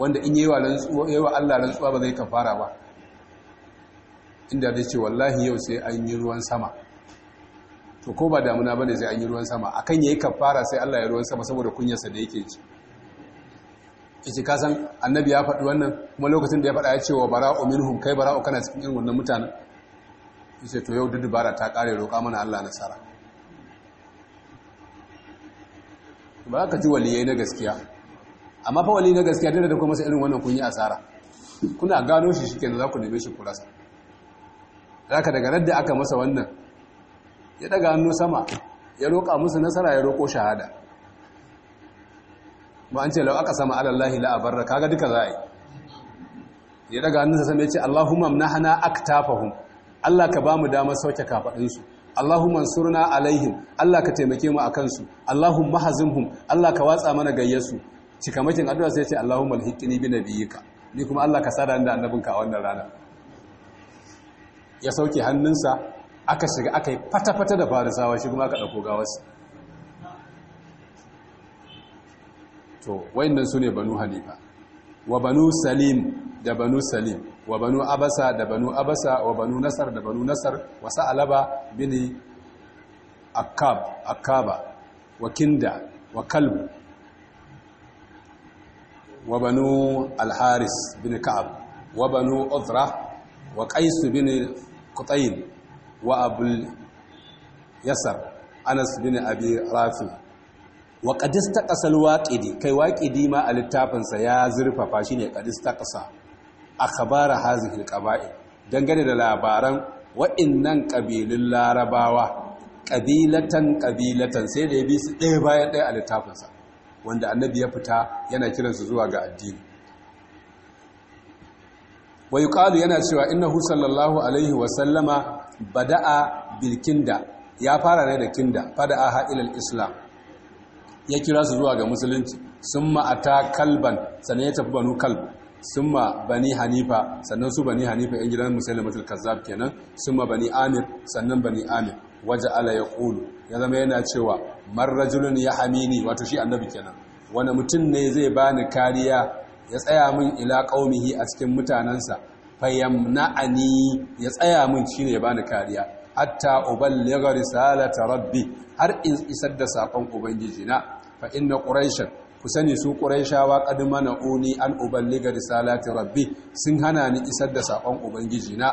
wanda in yi wa allah rantsuwa ba zai kafara ba inda zai ce wallahi yau sai an yi ruwan sama to ko ba damuna ba ne sai an yi ruwan sama A yi ka kafara sai Allah ya ruwan sama saboda kunyarsa da yake ci yace ka san annabi ya faɗi wannan kuma lokacin da ya faɗa ya ce wa bara'u minhum kai bara'u kana cikin irin wannan mutanen sai to yau dubara ta kare roƙa mana Allah nasara ba ka ji waliyai na gaskiya amma fa wali na gaskiya dole da kuma masa irin wannan kun yi asara kuna gano shi shi kenan za ku neme shi kurasa ka daga radda aka masa wannan ya daga hannu sama ya roƙa musu nasara ya roƙo shahada ba an ce lau aka sama alallahi la'abarra kaga duka za a yi ya daga sa sami ya ce allahumma na hana aktafahum Allah ka ba mu damar sauke kafaɗinsu Allahumma surna alaihim Allah ka taimake mu a kansu Allahumma hazimhum Allah ka watsa mana gayyarsu. cikamakin addu'a sai ce Allahumma alhiqni bi ka. ni kuma Allah ka sada da annabin a wannan rana ya sauke hannunsa aka shiga aka yi fata-fata da farisawa shi kuma aka ɗauko gawarsa to wayannan su ne banu wa banu salim da banu salim wa banu abasa da banu abasa wa banu nasar da banu nasar wa sa'alaba bin akab akaba wa kinda wa kalb wa banu al-haris ka'ab wa banu uzra wa qais bin qutayn wa abul yasar anas bin abi rafi' wa ƙadista ƙasar waƙidi kai waƙidi ma a littafinsa ya zurfafa shi ne ƙadista ƙasa a kabara hazihi alqaba'il dangane da labaran wa'innan ƙabilun larabawa ƙabilatan-ƙabilatan sai da ya bi su ɗaya bayan ɗaya a littafinsa wanda annabi ya fita yana kiransu zuwa ga addini wa ƙalu yana cewa innahu sallallahu alaihi wa sallama bada'a Bilkinda ya fara ne da kinda fada a ilal islam ya kira su zuwa ga musulunci sun ma'ata kalban sannan ya tafi banu kalb summa bani hanifa sannan su bani hanifa yan gidan musailamatul kazzab kenan summa bani amir sannan bani amir waje ala ya kulu ya zama yana cewa marrajulun ya hamini wato shi annabi kenan wani mutum ne zai bani kariya ya tsaya min ila ƙaunihi a cikin mutanensa ni ya tsaya min shi ne ya bani kariya hatta uballigha risalata rabbi har in isar da sakon ubangiji na fa inna ku sani su ƙuraishawa ƙad mana uni an uballiga risalati rabbi sun hana ni isar da saƙon ubangiji na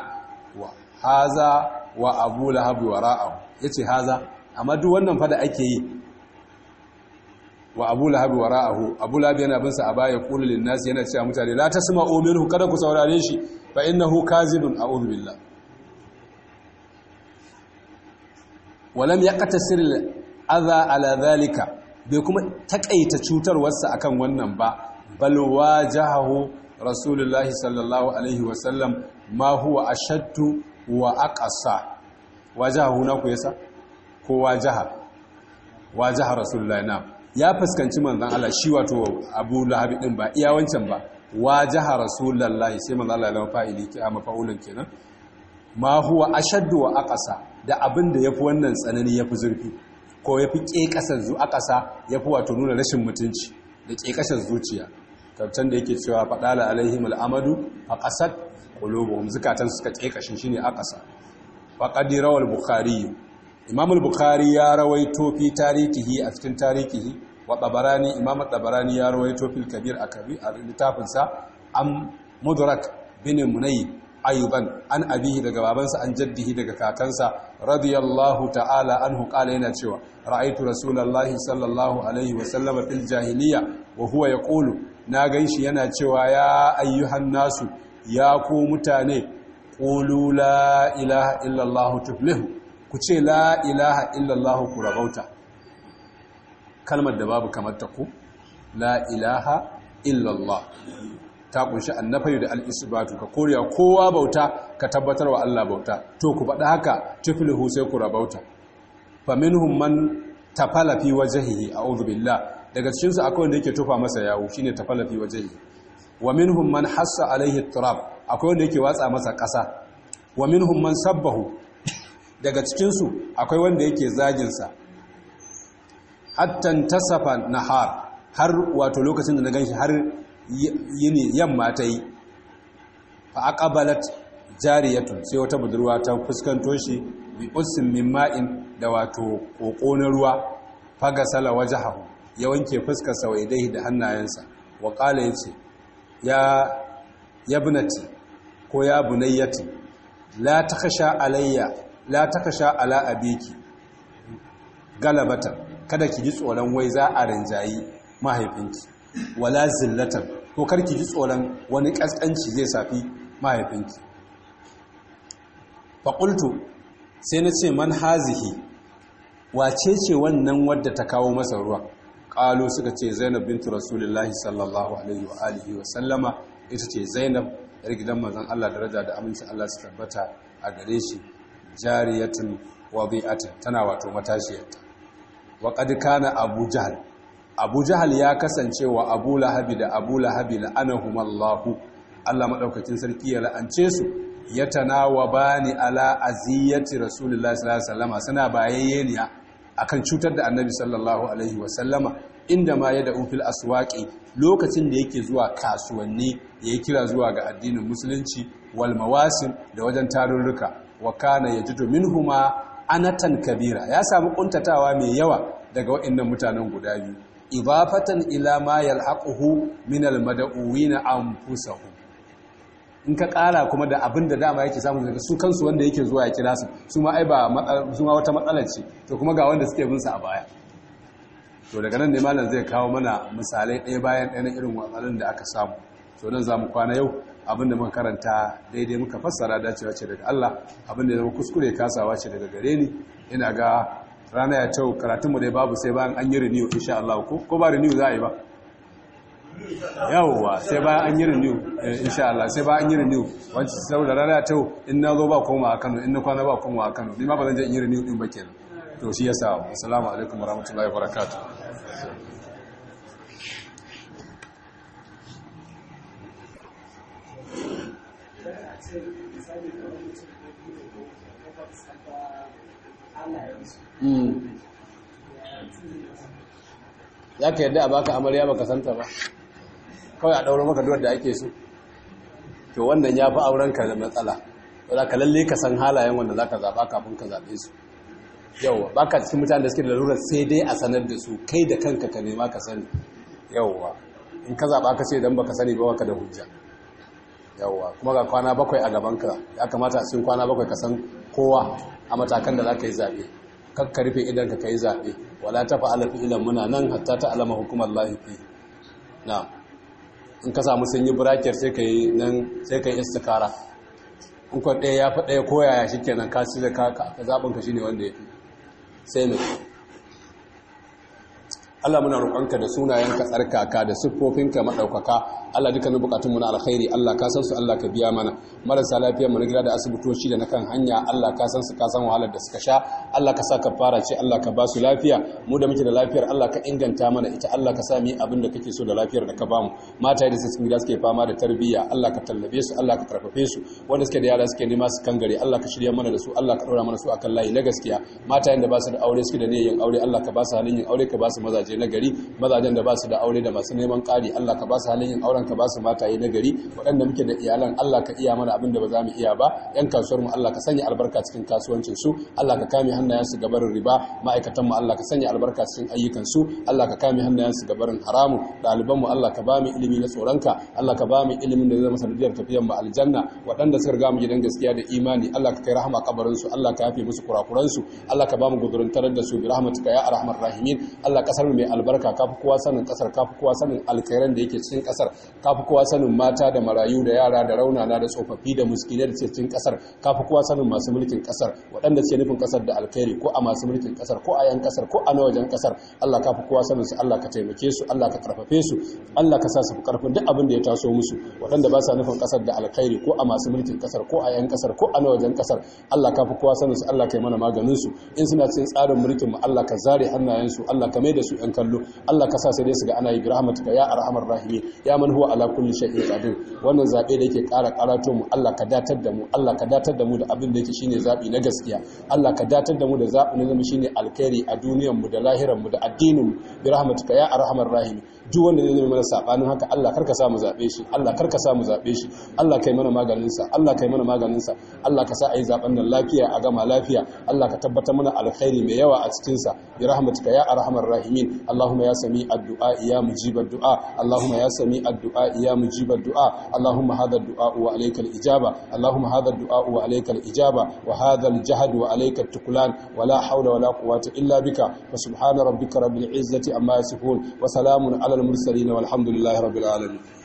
wa haza wa abu lahab wa ra'ahu ce haza amma duk wannan fada ake yi wa abu lahab wa ra'ahu abu lahab yana bin sa a baya qulul linnas yana cewa mutane la omin minhu kada ku saurare shi fa innahu a a'udhu billah walam yaqtasir aza ala dhalika bai kuma takaita cutarwarsa akan wannan ba balowa jahahu rasulullahi sallallahu alaihi wasallam ma huwa shattu wa Wa jihahu na ku yasa ko wa wa wajaha rasulullahi na ya fuskanci manzan ala shi wato Abu lahabi ɗin ba iya wancan ba Wa wajaha rasulullahi sai manzan ala ya zama fa'ili ki a fa'ulan kenan ma huwa shaddu wa ƙasa da abin da fi wannan tsanani ya fi zurfi ko ya fi ƙeƙasar zu a ƙasa ya fi wato nuna rashin mutunci da ƙeƙasar zuciya kancan da yake cewa faɗa la alaihim al'amadu a ƙasar ƙulubuhum zukatan suka ƙeƙashin shi ne a ƙasa faƙaɗi rawar bukari imamul bukari ya rawai tofi tarikihi a cikin tarikihi wa ɗabarani imamul ɗabarani ya rawai tofi kabir a kabi a littafinsa an mudurak binin munayi ayuban an abihi daga babansa an jaddihi daga kakansa radiyallahu ta'ala anhu qala yana cewa ra'aitu rasulullahi sallallahu alaihi wa sallama fil jahiliya wa huwa yaqulu na ganshi yana cewa ya ayyuhan nasu ya ku mutane qulu la ilaha illallah tuflihu ku ce la ilaha illallah ku rabauta kalmar da babu kamar ta ku la ilaha illallah ta kunshi annafayu da al'isbatu ka koriya kowa bauta ka tabbatar wa Allah bauta to ku faɗa haka tuflihu sai ku rabauta fa minhum man tafala fi wajhihi a'udhu billah daga cikin su akwai wanda yake tufa masa yawu shine tafala fi wajhihi wa minhum man hassa alaihi turab akwai wanda yake watsa masa ƙasa wa minhum man sabbahu daga cikin su akwai wanda yake zaginsa. sa hatta tasafa nahar har wato lokacin da na ganshi har yini yamma ta yi fa jari jariyatun sai wata budurwa ta fuskanto shi bi min da wato koko ruwa fagasala wajhahu ya wanke fuskar sa waidai da hannayensa wa qala yace ya yabnati ko ya bunayyati la takhsha alayya la takhsha ala abiki galabatan kada ki ji tsoron wai za a rinjayi mahaifinki wala zillatan ko ki ji tsoron wani kaskanci zai safi mahaifinki faƙultu sai na ce man hazihi wace ce wannan wadda ta kawo masa ruwa ƙalo suka ce zainab bintu rasulullahi sallallahu alaihi wa alihi wa sallama ita ce zainab yar gidan mazan Allah daraja da aminci Allah su tabbata a gare shi jariyatun wadi'atun tana wato matashiyarta wa qad kana abu jahal abu jihal ya kasance wa abu lahabi da abu lahabi la'anahumallahu allah maɗaukakin sarki ya la'ance su ya tanawa ba ni ala aziyyati rasulullah sallallahu suna a akan cutar da annabi sallallahu alaihi wasallama inda ma ya da ufil aswaki lokacin da yake zuwa kasuwanni ya yi kira zuwa ga addinin musulunci wal da wajen tarurruka wa kana domin huma anatan kabira ya samu kuntatawa mai yawa daga waɗannan mutanen guda biyu ibafatan ila ma minal min almad'uwina amfusahu. in ka ƙara kuma da abin da dama yake samu daga su kansu wanda yake zuwa ya kira su su ma ai ba su ma wata matsalar ce to kuma ga wanda suke bin sa a baya to daga nan ne malam zai kawo mana misalai ɗaya bayan ɗaya na irin watsalin da aka samu to nan za mu kwana yau abin da muka karanta daidai muka fassara dacewa ce daga Allah abin da ya zama kuskure kasawa ce daga gare ni ina ga rana ya cewa karatunmu dai babu sai bayan an yi renew insha Allah ko ko ba renew za a yi ba yawwa sai bayan an yi renew eh, insha Allah sai bayan an yi renew wancan saboda rana ya cewa in na zo ba koma a Kano in na kwana ba koma a Kano ni ma ba zan je in yi renew din ba kenan to shi yasa assalamu alaikum warahmatullahi wabarakatuh Hmm. ya ka yadda a baka amarya baka santa ba kawai a ɗaura maka duwar da ake so to wannan ya fi aurenka da matsala wadda ka lalle ka san halayen wanda za ka zaɓa kafin ka zaɓe su yauwa ba ka cikin mutane da suke da lalurar sai dai a sanar da su kai da kanka ka nema ka sani yauwa in ka zaɓa ka ce don baka sani ba waka da hujja yawwa kuma ga kwana bakwai a gabanka ya kamata a cikin kwana bakwai ka san kowa a matakan da za ka yi zaɓe kakka rufe idan ka yi zaɓe wala ta fa'ala fi ilan muna nan hatta ta alama hukumar lahi fi na in ka samu sun yi burakiyar sai ka yi nan sai ka yi istikara in kwa ɗaya ya fi koya ya shi kenan ka ci da ka zaɓin ka shi ne wanda ya fi sai mai Allah muna roƙonka da sunayenka tsarkaka da siffofinka maɗaukaka Allah duka dukkanin bukatunmu na alkhairi Allah ka san su Allah ka biya mana marasa lafiyar mu na gida da asibitoci da na kan hanya Allah ka san su ka san wahalar da suka sha Allah ka sa ka fara ce Allah ka ba su lafiya mu da muke da lafiyar Allah ka inganta mana ita Allah ka sa mu abin da kake so da lafiyar da ka bamu mata da suke gida suke fama da tarbiyya Allah ka tallabe su Allah ka karfafe su wanda suke da yara suke nema su kangare Allah ka shirya mana da su Allah ka ɗora mana su akan layi na gaskiya mata da ba su da aure suke da niyyar aure Allah ka ba su halin yin aure ka ba su mazaje mazaje na gari mazajen da ba su da aure da masu neman ƙari Allah ka ba su halin yin auren ka ba su mataye na gari waɗanda muke da iyalan Allah ka iya mana abin da ba za mu iya ba yan kasuwar mu Allah ka sanya albarka cikin kasuwancin su Allah ka kame hannayen su gabarin riba ma'aikatan mu Allah ka sanya albarka cikin ayyukan su Allah ka kame hannayen su gabarin haramu ɗaliban mu Allah ka ba mu ilimi na tsoronka Allah ka ba mu ilimin da zai masa sanadiyar tafiyar mu aljanna waɗanda suka riga mu gidan gaskiya da imani Allah ka kai rahama kabarin su Allah ka yafe musu kurakuransu su Allah ka ba mu gudurin tarar da su bi rahmatika ya arhamar rahimin Allah kasar mu mai albarka kafi kowa sanin kasar kafi kowa sanin alkairan da yake cikin kasar kafi kowa sanin mata da marayu da yara da raunana da tsofaffi da muskilai da cikin kasar kafi kowa sanin masu mulkin kasar waɗanda suke nufin kasar da alkairi ko a masu mulkin kasar ko a yan kasar ko a na wajen kasar Allah kafi kowa sanin su Allah ka taimake su Allah ka karfafe su Allah ka sa su karfin duk abin da ya taso musu waɗanda ba sa nufin kasar da alkairi ko a masu mulkin kasar ko a yan kasar ko a na wajen kasar Allah kafi kowa sanin su Allah ka yi mana maganin su in suna cikin tsarin mulkin mu Allah ka zare hannayen su Allah ka mai da su yan kallo Allah ka sa sai dai su ga ana yi rahmatuka ya arhamar rahimi ya man huwa ala kulli shay'in qadir wannan zabe da yake kara karato mu Allah ka datar da mu Allah ka datar da mu da abin da yake shine zabi na gaskiya Allah ka datar da mu da zabi na zama shine alkhairi a duniyar mu da lahirar mu da addinin mu bi rahmatuka ya arhamar rahimi duk wanda ne zama mana sabanin haka Allah karka sa mu zabe shi Allah karka sa mu zabe shi Allah kai mana maganin sa Allah kai mana maganin sa Allah ka sa ayi zaben nan lafiya a gama lafiya Allah ka tabbatar mana alkhairi mai yawa a cikin sa bi rahmatika ya arhamar rahimin Allahumma ya sami addu'a ya mujib addu'a Allahumma ya sami addu'a ya mujib addu'a Allahumma hadha addu'a wa alayka al-ijaba Allahumma hada du'a wa alayka al-ijaba wa hadha al-jahd wa alayka at-tuklan wa la hawla wa la quwwata illa bika fa subhana rabbika rabbil izzati amma yasifun wa salamun ala على المرسلين والحمد لله رب العالمين